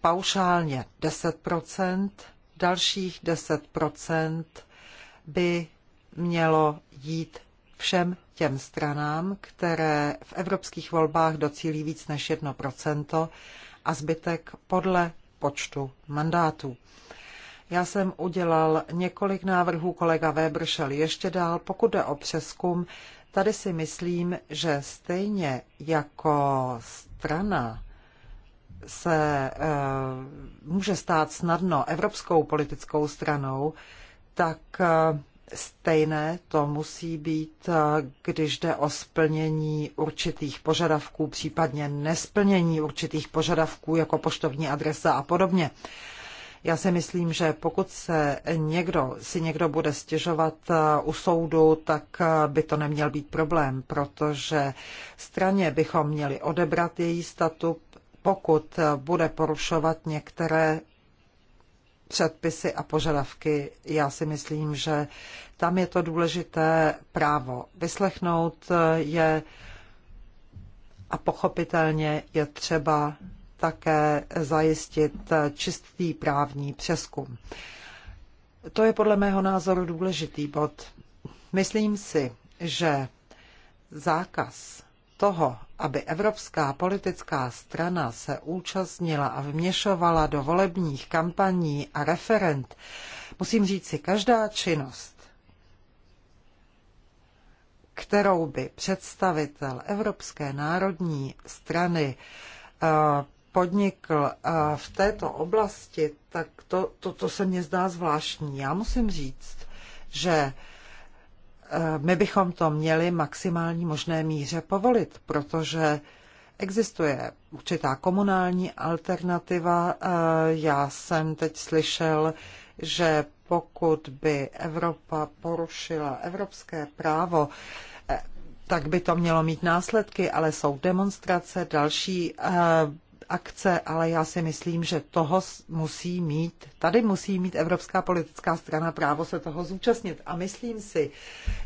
paušálně 10%, dalších 10% by mělo jít všem těm stranám, které v evropských volbách docílí víc než 1% a zbytek podle počtu mandátů. Já jsem udělal několik návrhů, kolega Weber šel ještě dál. Pokud jde o přeskum, tady si myslím, že stejně jako strana se eh, může stát snadno evropskou politickou stranou, tak eh, stejné to musí být, eh, když jde o splnění určitých požadavků, případně nesplnění určitých požadavků jako poštovní adresa a podobně. Já si myslím, že pokud se někdo, si někdo bude stěžovat eh, u soudu, tak eh, by to neměl být problém, protože straně bychom měli odebrat její statut, pokud eh, bude porušovat některé předpisy a požadavky. Já si myslím, že tam je to důležité právo. Vyslechnout je a pochopitelně je třeba také zajistit čistý právní přeskum. To je podle mého názoru důležitý bod. Myslím si, že zákaz toho, aby evropská politická strana se účastnila a vměšovala do volebních kampaní a referent, musím říct si, každá činnost, kterou by představitel Evropské národní strany eh, podnikl v této oblasti, tak to, to, to se mně zdá zvláštní. Já musím říct, že e, my bychom to měli maximální možné míře povolit, protože existuje určitá komunální alternativa. E, já jsem teď slyšel, že pokud by Evropa porušila evropské právo, e, tak by to mělo mít následky, ale jsou demonstrace, další akce, ale já si myslím, že toho musí mít, tady musí mít Evropská politická strana právo se toho zúčastnit. A myslím si,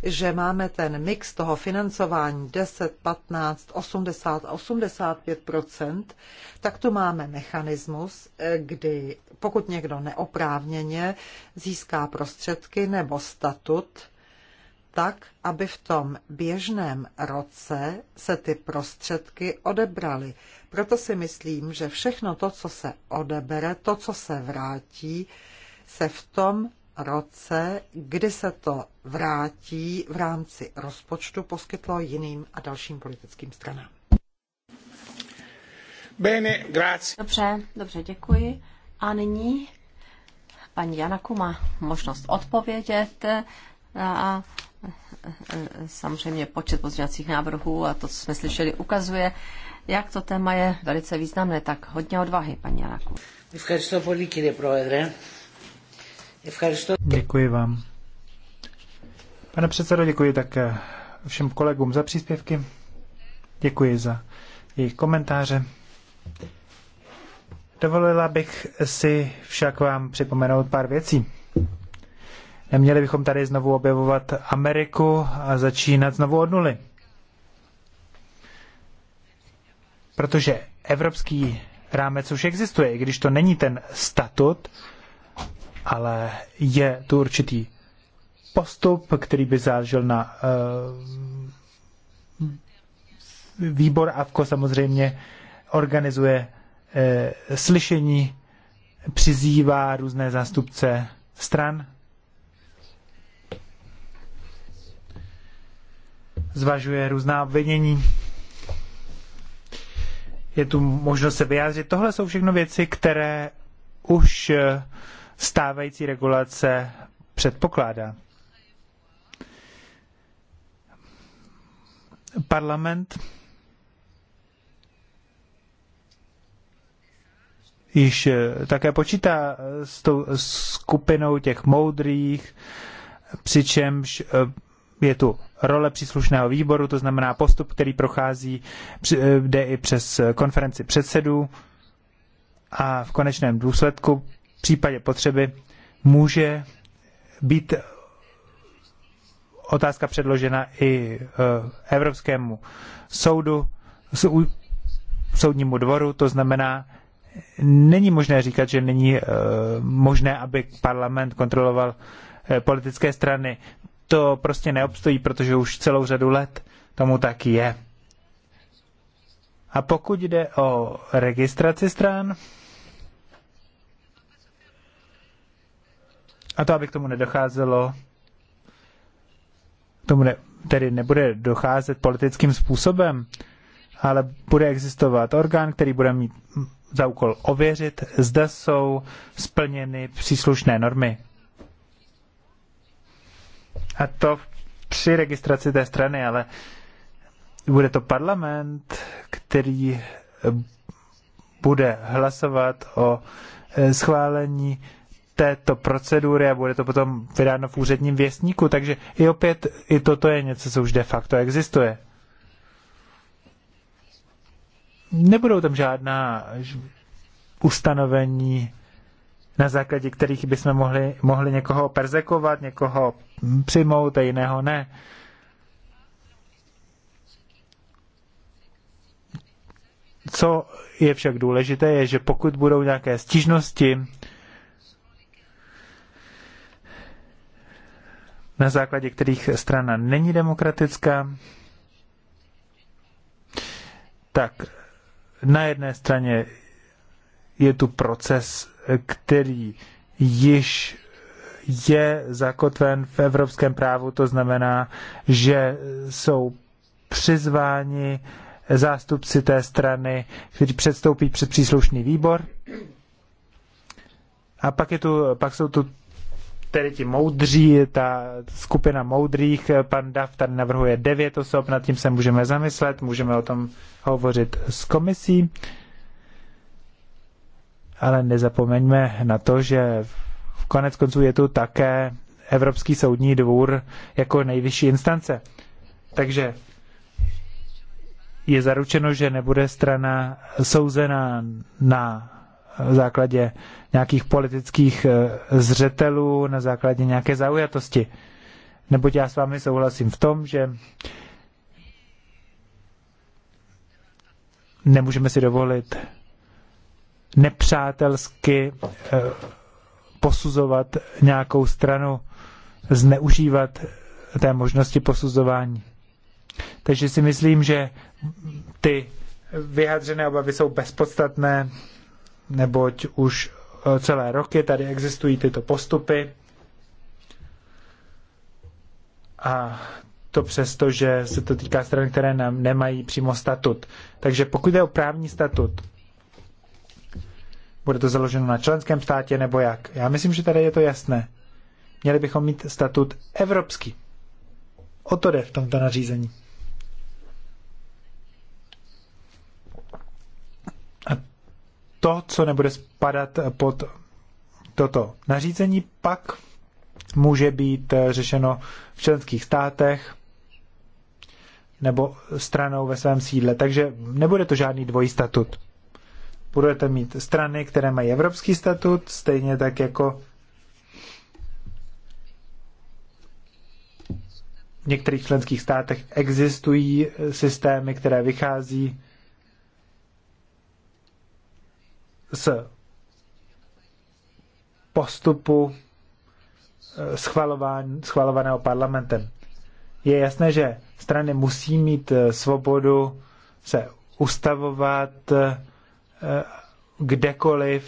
že máme ten mix toho financování 10, 15, 80, 85 tak tu máme mechanismus, eh, kdy pokud někdo neoprávněně získá prostředky nebo statut, tak, aby v tom běžném roce se ty prostředky odebraly. Proto si myslím, že všechno to, co se odebere, to, co se vrátí, se v tom roce, kdy se to vrátí v rámci rozpočtu, poskytlo jiným a dalším politickým stranám. Bene, grazie. Dobře, dobře, děkuji. A nyní paní má možnost odpovědět. A samozřejmě počet pozměňovacích návrhů a to, co jsme slyšeli, ukazuje, jak to téma je velice významné. Tak hodně odvahy, paní Janaku. Děkuji vám. Pane předsedo, děkuji také všem kolegům za příspěvky. Děkuji za jejich komentáře. Dovolila bych si však vám připomenout pár věcí. Neměli bychom tady znovu objevovat Ameriku a začínat znovu od nuly. Protože evropský rámec už existuje, i když to není ten statut, ale je tu určitý postup, který by zážil na uh, výbor AVKO samozřejmě organizuje uh, slyšení, přizývá různé zástupce stran zvažuje různá obvinění. Je tu možnost se vyjádřit. Tohle jsou všechno věci, které už stávající regulace předpokládá. Parlament již eh, také počítá s tou skupinou těch moudrých, přičemž eh, je tu role příslušného výboru, to znamená postup, který prochází, eh, jde i přes eh, konferenci předsedů a v konečném důsledku v případě potřeby může být otázka předložena i eh, Evropskému soudu, soudnímu dvoru, to znamená, není možné říkat, že není možné, aby parlament kontroloval politické strany to prostě neobstojí, protože už celou řadu let tomu tak je. A pokud jde o registraci stran, a to, aby k tomu nedocházelo, k tomu ne, tedy nebude docházet politickým způsobem, ale bude existovat orgán, který bude mít za úkol ověřit, zda jsou splněny příslušné normy. A to při registraci té strany, ale bude to parlament, který eh, bude hlasovat o eh, schválení této procedury a bude to potom vydáno v úředním věstníku. Takže i opět, i toto je něco, co už de facto existuje. Nebudou tam žádná ustanovení na základě kterých bychom mohli, mohli někoho perzekovat, někoho přijmout a jiného ne. Co je však důležité, je, že pokud budou nějaké stížnosti, na základě kterých strana není demokratická, tak na jedné straně je tu proces, který již je zakotven v evropském právu, to znamená, že jsou přizváni zástupci té strany, kteří předstoupí před příslušný výbor. A pak, je tu, pak jsou tu tedy ti moudří, ta skupina moudrých, pan Dav tady navrhuje devět osob, nad tím se můžeme zamyslet, můžeme o tom hovořit s komisí ale nezapomeňme na to, že v konec konců je tu také Evropský soudní dvůr jako nejvyšší instance. Takže je zaručeno, že nebude strana souzená na základě nějakých politických eh, zřetelů, na základě nějaké zaujatosti. Neboť já s vámi souhlasím v tom, že nemůžeme si dovolit nepřátelsky eh, posuzovat nějakou stranu, zneužívat té možnosti posuzování. Takže si myslím, že ty vyjádřené obavy jsou bezpodstatné, neboť už eh, celé roky tady existují tyto postupy. A to přesto, že se to týká stran, které nám nemají přímo statut. Takže pokud je o právní statut, bude to založeno na členském státě nebo jak? Já myslím, že tady je to jasné. Měli bychom mít statut evropský. O to jde v tomto nařízení. A to, co nebude spadat pod toto nařízení, pak může být eh, řešeno v členských státech nebo stranou ve svém sídle. Takže nebude to žádný dvojí statut budete mít strany, které mají evropský statut, stejně tak jako v některých členských státech existují systémy, které vychází z postupu eh, schvalovaného parlamentem. Je jasné, že strany musí mít eh, svobodu se ustavovat, eh, Eh, kdekoliv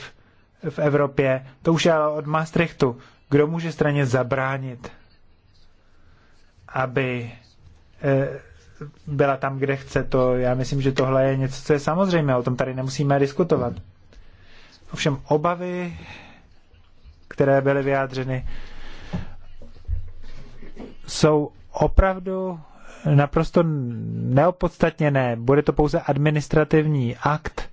v Evropě. To už je od Maastrichtu. Kdo může straně zabránit, aby eh, byla tam, kde chce to. Já myslím, že tohle je něco, co je samozřejmé, o tom tady nemusíme diskutovat. Ovšem obavy, které byly vyjádřeny, jsou opravdu naprosto neopodstatněné. Bude to pouze administrativní akt,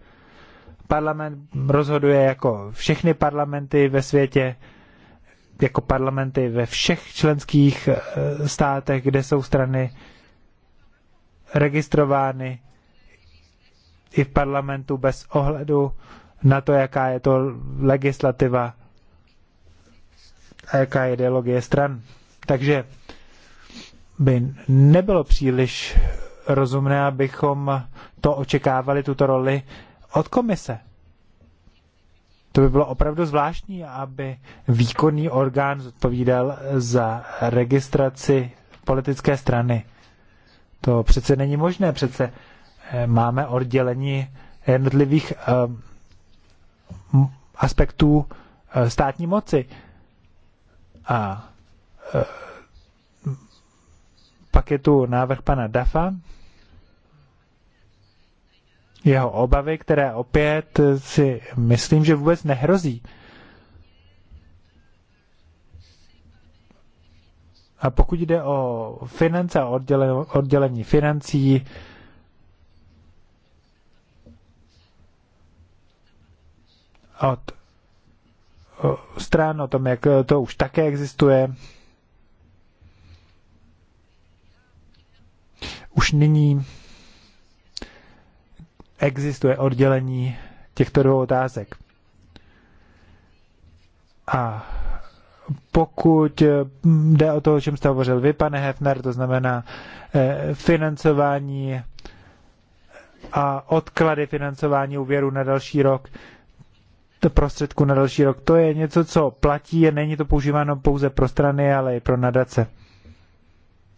parlament rozhoduje jako všechny parlamenty ve světě, jako parlamenty ve všech členských eh, státech, kde jsou strany registrovány i v parlamentu bez ohledu na to, jaká je to legislativa a jaká je ideologie stran. Takže by nebylo příliš rozumné, abychom to očekávali, tuto roli od komise. To by bylo opravdu zvláštní, aby výkonný orgán zodpovídal za registraci politické strany. To přece není možné, přece eh, máme oddělení jednotlivých eh, aspektů eh, státní moci. A pak je tu návrh pana Dafa, jeho obavy, které opět si myslím, že vůbec nehrozí. A pokud jde o finance a oddělení financí, od stran o tom, jak to už také existuje, už nyní existuje oddělení těchto dvou otázek. A pokud eh, jde o to, o čem jste hovořil vy, pane Hefner, to znamená eh, financování a odklady financování úvěru na další rok, prostředku na další rok, to je něco, co platí a není to používáno pouze pro strany, ale i pro nadace.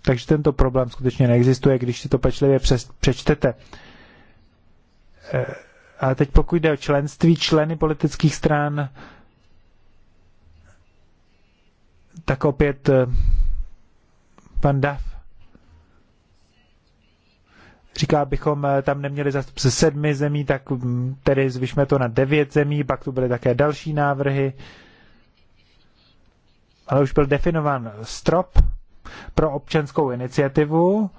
Takže tento problém skutečně neexistuje, když si to pečlivě přečtete. Eh, a teď pokud jde o členství, členy politických stran, tak opět eh, pan Dav říká, abychom eh, tam neměli se sedmi zemí, tak mm, tedy zvyšme to na devět zemí, pak tu byly také další návrhy. Ale už byl definován strop pro občanskou iniciativu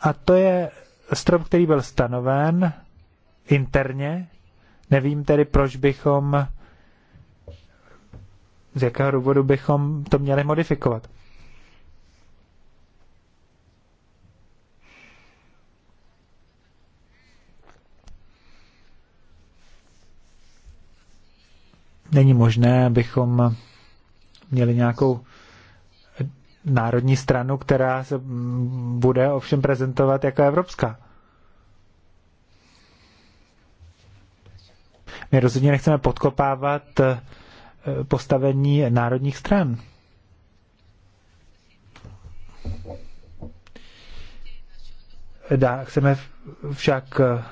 a to je strop, který byl stanoven interně. Nevím tedy, proč bychom, z jakého důvodu bychom to měli modifikovat. Není možné, abychom měli nějakou národní stranu, která se bude ovšem prezentovat jako evropská. My rozhodně nechceme podkopávat eh, postavení národních stran. Dá, chceme však eh,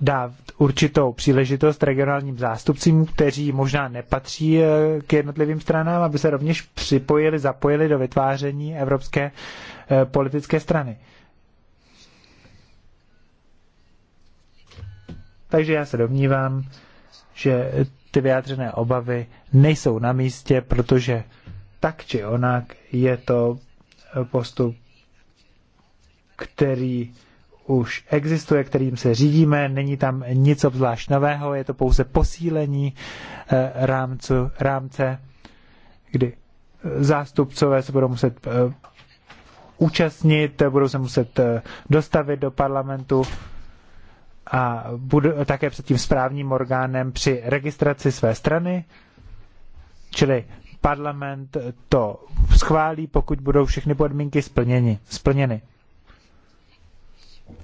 dát určitou příležitost regionálním zástupcím, kteří možná nepatří eh, k jednotlivým stranám, aby se rovněž připojili, zapojili do vytváření evropské eh, politické strany. Takže já se domnívám, že ty vyjádřené obavy nejsou na místě, protože tak či onak je to postup, který už existuje, kterým se řídíme, není tam nic obzvlášť nového, je to pouze posílení eh, rámcu, rámce, kdy eh, zástupcové se budou muset eh, účastnit, budou se muset dostavit do parlamentu a budou také před tím správním orgánem při registraci své strany, čili parlament to schválí, pokud budou všechny podmínky splněny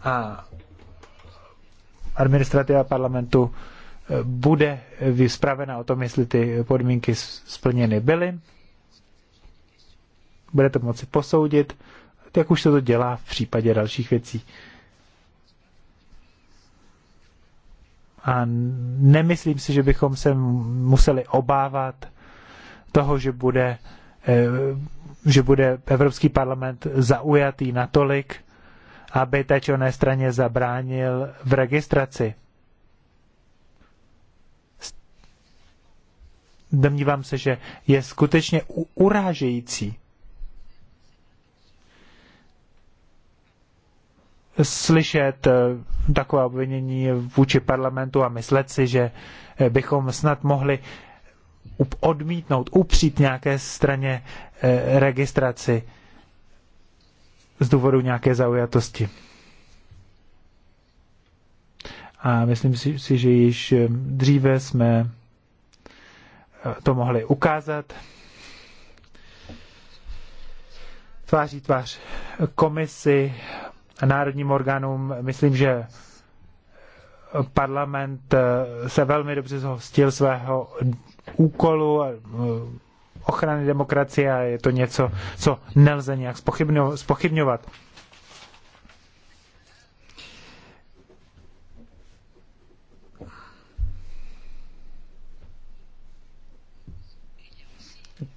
a administrativa parlamentu eh, bude vyspravena o tom, jestli ty podmínky splněny byly. Budete moci posoudit, jak už se to dělá v případě dalších věcí. A nemyslím si, že bychom se museli obávat toho, že bude, eh, že bude Evropský parlament zaujatý natolik, aby té či oné straně zabránil v registraci. Domnívám se, že je skutečně urážející. slyšet eh, taková obvinění vůči parlamentu a myslet si, že eh, bychom snad mohli odmítnout, upřít nějaké straně eh, registraci z důvodu nějaké zaujatosti. A myslím si, že již eh, dříve jsme eh, to mohli ukázat. Tváří tvář komisi a národním orgánům, myslím, že parlament eh, se velmi dobře zhostil svého úkolu, ochrany demokracie a je to něco, co nelze nějak spochybňovat.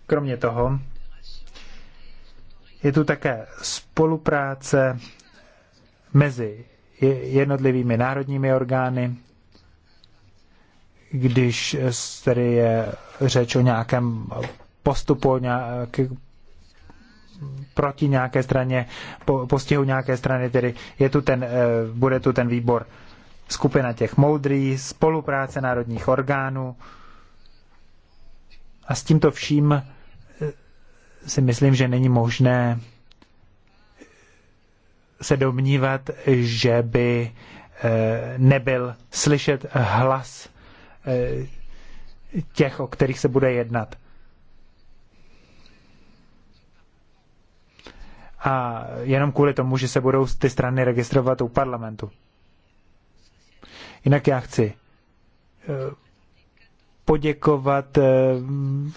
Kromě toho je tu také spolupráce mezi jednotlivými národními orgány, když tedy je řeč o nějakém postupu nějak, proti nějaké straně, po, postihu nějaké strany, tedy je tu ten, eh, bude tu ten výbor skupina těch moudrých, spolupráce národních orgánů. A s tímto vším eh, si myslím, že není možné se domnívat, že by eh, nebyl slyšet hlas těch, o kterých se bude jednat. a jenom kvůli tomu, že se budou ty strany registrovat u parlamentu. Jinak já chci eh, poděkovat eh,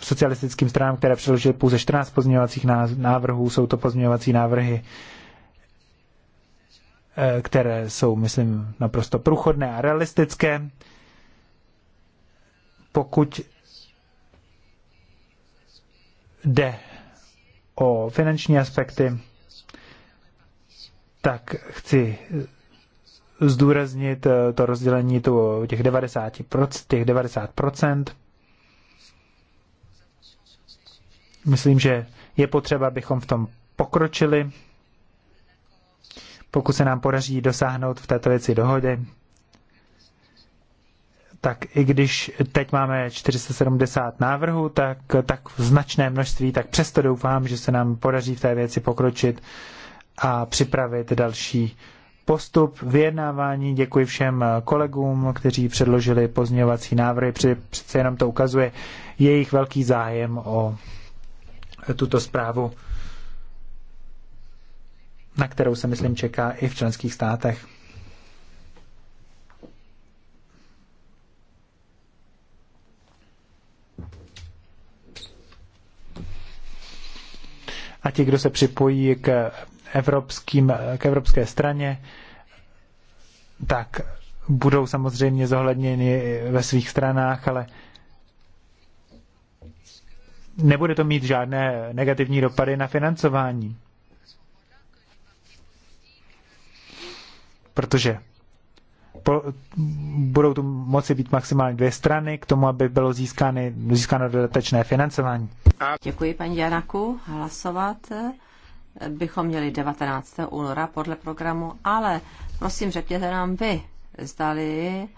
socialistickým stranám, které předložily pouze 14 pozměňovacích návrhů. Jsou to pozměňovací návrhy, eh, které jsou, myslím, naprosto průchodné a realistické. Pokud jde o finanční aspekty, tak chci zdůraznit eh, to rozdělení tu, těch, 90%, těch 90%. Myslím, že je potřeba, abychom v tom pokročili. Pokud se nám podaří dosáhnout v této věci dohody, tak i když teď máme 470 návrhů, tak, tak v značné množství, tak přesto doufám, že se nám podaří v té věci pokročit a připravit další postup vyjednávání. Děkuji všem kolegům, kteří předložili pozměňovací návrhy. Přece jenom to ukazuje jejich velký zájem o tuto zprávu, na kterou se, myslím, čeká i v členských státech. A ti, kdo se připojí k evropským, k evropské straně, tak budou samozřejmě zohledněny ve svých stranách, ale nebude to mít žádné negativní dopady na financování. Protože po, budou tu moci být maximálně dvě strany k tomu, aby bylo získány, získáno dodatečné financování. Děkuji paní Janaku. Hlasovat bychom měli 19. února podle programu, ale prosím řekněte nám vy, zdali,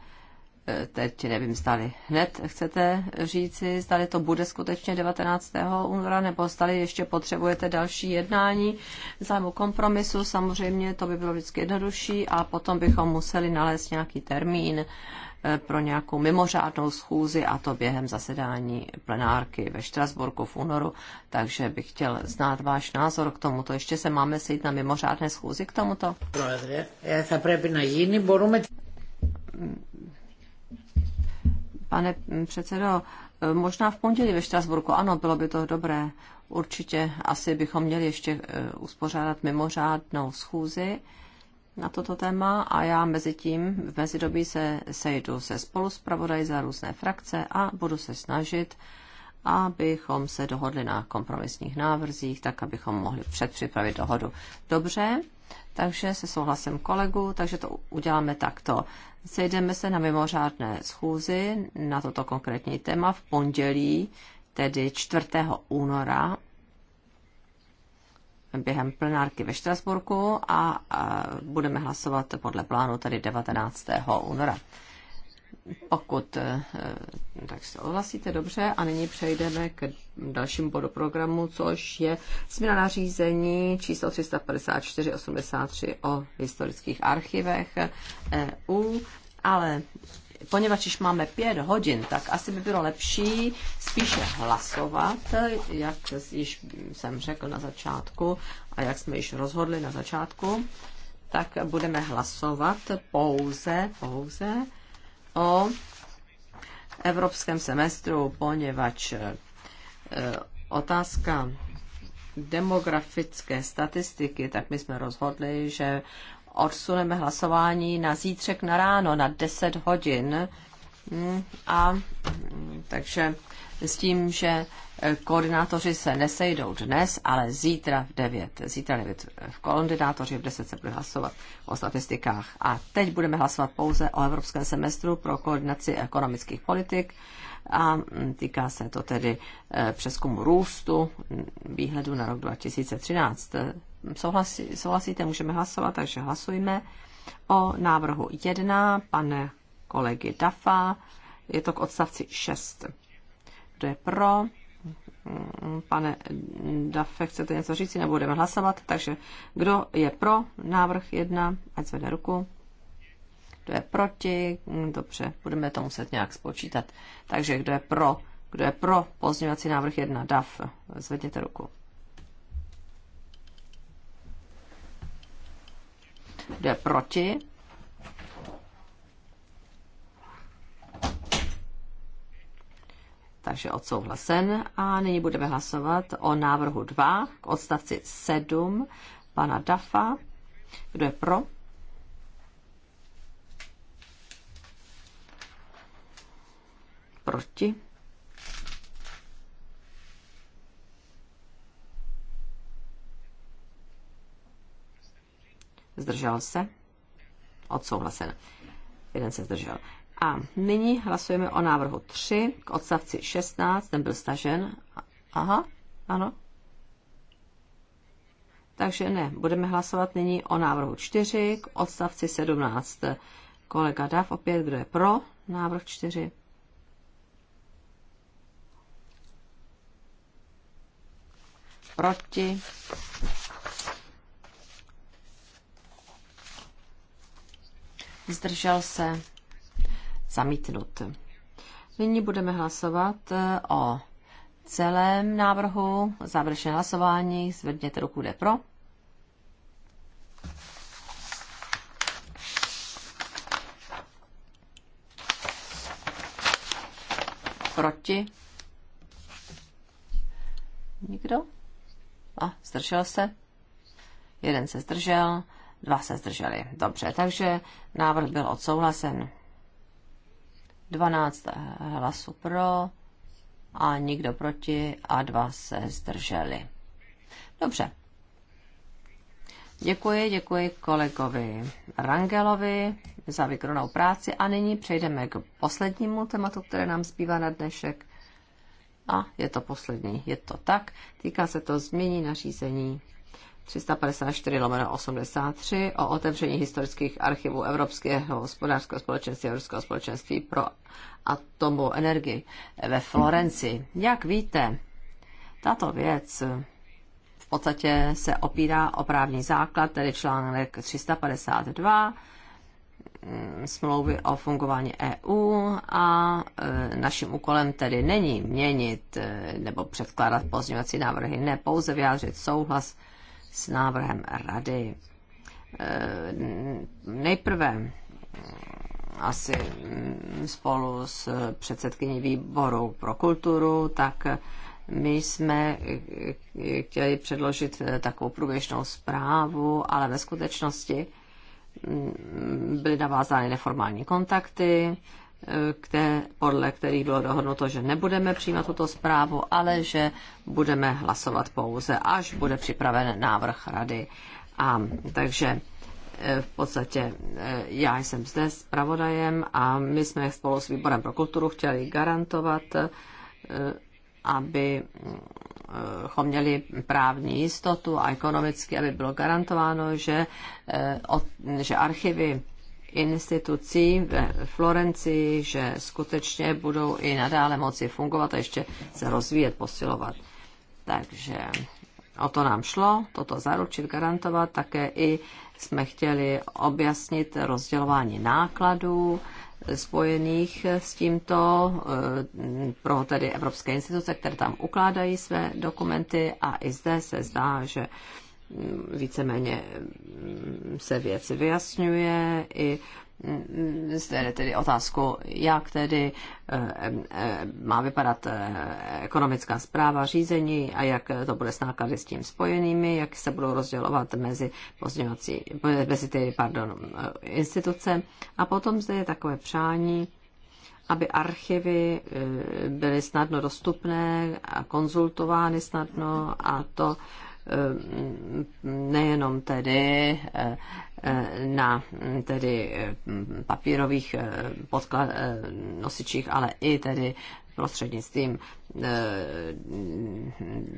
eh, teď nevím, zdali hned chcete říci, zdali to bude skutečně 19. února, nebo zdali ještě potřebujete další jednání zájmu kompromisu, samozřejmě to by bylo vždycky jednodušší a potom bychom museli nalézt nějaký termín, Eh, pro nějakou mimořádnou schůzi a to během zasedání plenárky ve Štrasburku v únoru, takže bych chtěl znát váš názor k tomuto. Ještě se máme sejít na mimořádné schůzi k tomuto? Pane předsedo, eh, možná v pondělí ve Štrasburku, ano, bylo by to dobré. Určitě asi bychom měli ještě eh, uspořádat mimořádnou schůzi na toto téma a já mezi tím v mezidobí se sejdu se spolu za různé frakce a budu se snažit, abychom se dohodli na kompromisních návrzích, tak abychom mohli předpřipravit dohodu. Dobře, takže se souhlasím kolegu, takže to uděláme takto. Sejdeme se na mimořádné schůzi na toto konkrétní téma v pondělí, tedy 4. února během plenárky ve Štrasburku a, a budeme hlasovat podle plánu tady 19. února. Pokud e, e, tak se ohlasíte dobře a nyní přejdeme k dalšímu bodu programu, což je změna nařízení číslo 354-83 o historických archivech EU, ale poněvadž již máme pět hodin, tak asi by bylo lepší spíše hlasovat, jak již jsem řekl na začátku a jak jsme již rozhodli na začátku, tak budeme hlasovat pouze, pouze o evropském semestru, poněvadž e, otázka demografické statistiky, tak my jsme rozhodli, že odsuneme hlasování na zítřek na ráno, na 10 hodin. Mm, a mm, takže s tím, že eh, koordinátoři se nesejdou dnes, ale zítra v 9. Zítra 9 v eh, koordinátoři v 10 se bude hlasovat o statistikách. A teď budeme hlasovat pouze o evropském semestru pro koordinaci ekonomických politik a mm, týká se to tedy e, přeskumu růstu mm, výhledu na rok 2013. E, souhlasí, souhlasíte, můžeme hlasovat, takže hlasujme o návrhu 1 pane kolegy Dafa. Je to k odstavci 6. Kdo je pro? Mm, pane Dafe, chcete něco říct, nebo budeme hlasovat? Takže kdo je pro návrh 1, ať zvedne ruku kdo je proti, mm, dobře, budeme to muset nějak spočítat. Takže kdo je pro, kdo je pro pozměňovací návrh 1, DAF, zvedněte ruku. Kdo je proti? takže odsouhlasen. A nyní budeme hlasovat o návrhu 2 k odstavci 7 pana Dafa. Kdo je pro? Proti? Zdržel se? Odsouhlasen. Jeden se zdržel. A nyní hlasujeme o návrhu 3 k odstavci 16, ten byl stažen. Aha, ano. Takže ne, budeme hlasovat nyní o návrhu 4 k odstavci 17. Kolega Dav opět, kdo je pro návrh 4? proti. Zdržel se zamítnut. Nyní budeme hlasovat eh, o celém návrhu. Závěrečné hlasování. Zvedněte ruku, kde pro. Proti. Nikdo? A zdržel se? Jeden se zdržel, dva se zdrželi. Dobře, takže návrh byl odsouhlasen. 12 hlasů pro a nikdo proti a dva se zdrželi. Dobře. Děkuji, děkuji kolegovi Rangelovi za vykonanou práci a nyní přejdeme k poslednímu tématu, které nám zbývá na dnešek. A je to poslední, je to tak. Týká se to změní nařízení 354 lomeno 83 o otevření historických archivů Evropského hospodářského společenství a Evropského společenství pro atomovou energii ve Florenci. Jak víte, tato věc v podstatě se opírá o právní základ, tedy článek 352 Eh, smlouvy o fungování EU a eh, naším úkolem tedy není měnit eh, nebo předkládat pozměňovací návrhy, ne pouze vyjádřit souhlas s návrhem rady. Nejprve mm, asi mm, spolu s předsedkyní výboru pro kulturu, tak my jsme chtěli předložit takovou průběžnou zprávu, ale ve skutečnosti byly navázány neformální kontakty, které, podle kterých bylo dohodnuto, že nebudeme přijímat tuto zprávu, ale že budeme hlasovat pouze, až bude připraven návrh rady. A, takže e, v podstatě e, já jsem zde s pravodajem a my jsme spolu s výborem pro kulturu chtěli garantovat, e, aby abychom měli právní jistotu a ekonomicky, aby bylo garantováno, že, eh, že archivy institucí v Florencii, že skutečně budou i nadále moci fungovat a ještě se rozvíjet, posilovat. Takže o to nám šlo, toto zaručit, garantovat. Také i jsme chtěli objasnit rozdělování nákladů spojených s tímto eh, pro tedy evropské instituce, které tam ukládají své dokumenty a i zde se zdá, že mm, víceméně mm, se věc vyjasňuje, i zde tedy otázku, jak tedy eh, eh, má vypadat eh, ekonomická zpráva řízení a jak to bude s náklady s tím spojenými, jak se budou rozdělovat mezi, mezi ty pardon, instituce. A potom zde je takové přání, aby archivy byly snadno dostupné a konzultovány snadno a to nejenom tedy eh, eh, na mm, tedy mm, papírových eh, podklad, nosičích, ale i tedy prostřednictvím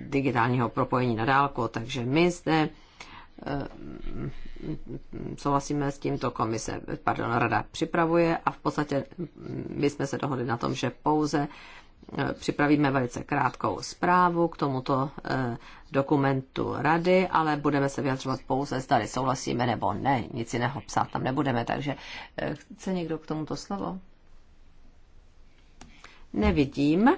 digitálního propojení na dálku. Takže my zde souhlasíme s tímto komise, pardon, rada připravuje a v podstatě mm, my jsme se dohodli na tom, že pouze Eh, připravíme velice krátkou zprávu k tomuto eh, dokumentu rady, ale budeme se vyjadřovat pouze, zda souhlasíme nebo ne. Nic jiného psát tam nebudeme, takže eh, chce někdo k tomuto slovo? Nevidím.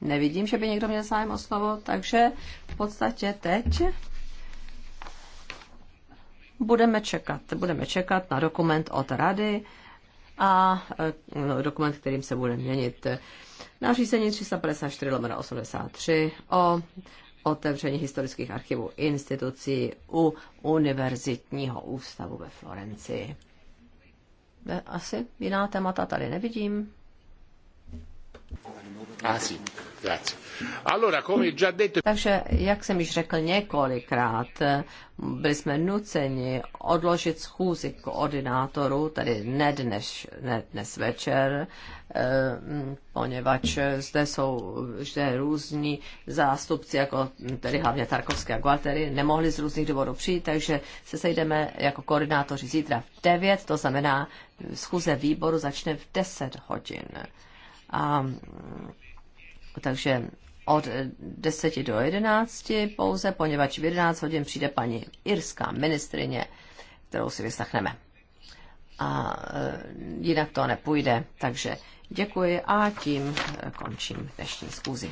Nevidím, že by někdo měl zájem o slovo, takže v podstatě teď budeme čekat. Budeme čekat na dokument od rady a no, dokument, kterým se bude měnit Nařízení 354 83 o otevření historických archivů institucí u Univerzitního ústavu ve Florencii. Asi jiná témata tady nevidím. Ah, takže, jak jsem již řekl několikrát, byli jsme nuceni odložit schůzi koordinátoru tedy ne dnes, ne dnes večer, eh, poněvadž zde jsou zde různí zástupci, jako tedy hlavně Tarkovské a Guatery, nemohli z různých důvodů přijít, takže se sejdeme jako koordinátoři zítra v 9, to znamená, schůze výboru začne v 10 hodin. A takže od 10 do 11 pouze, poněvadž v 11 hodin přijde paní irská ministrině, kterou si vyslechneme. A e, jinak to nepůjde, takže děkuji a tím končím dnešní schůzi.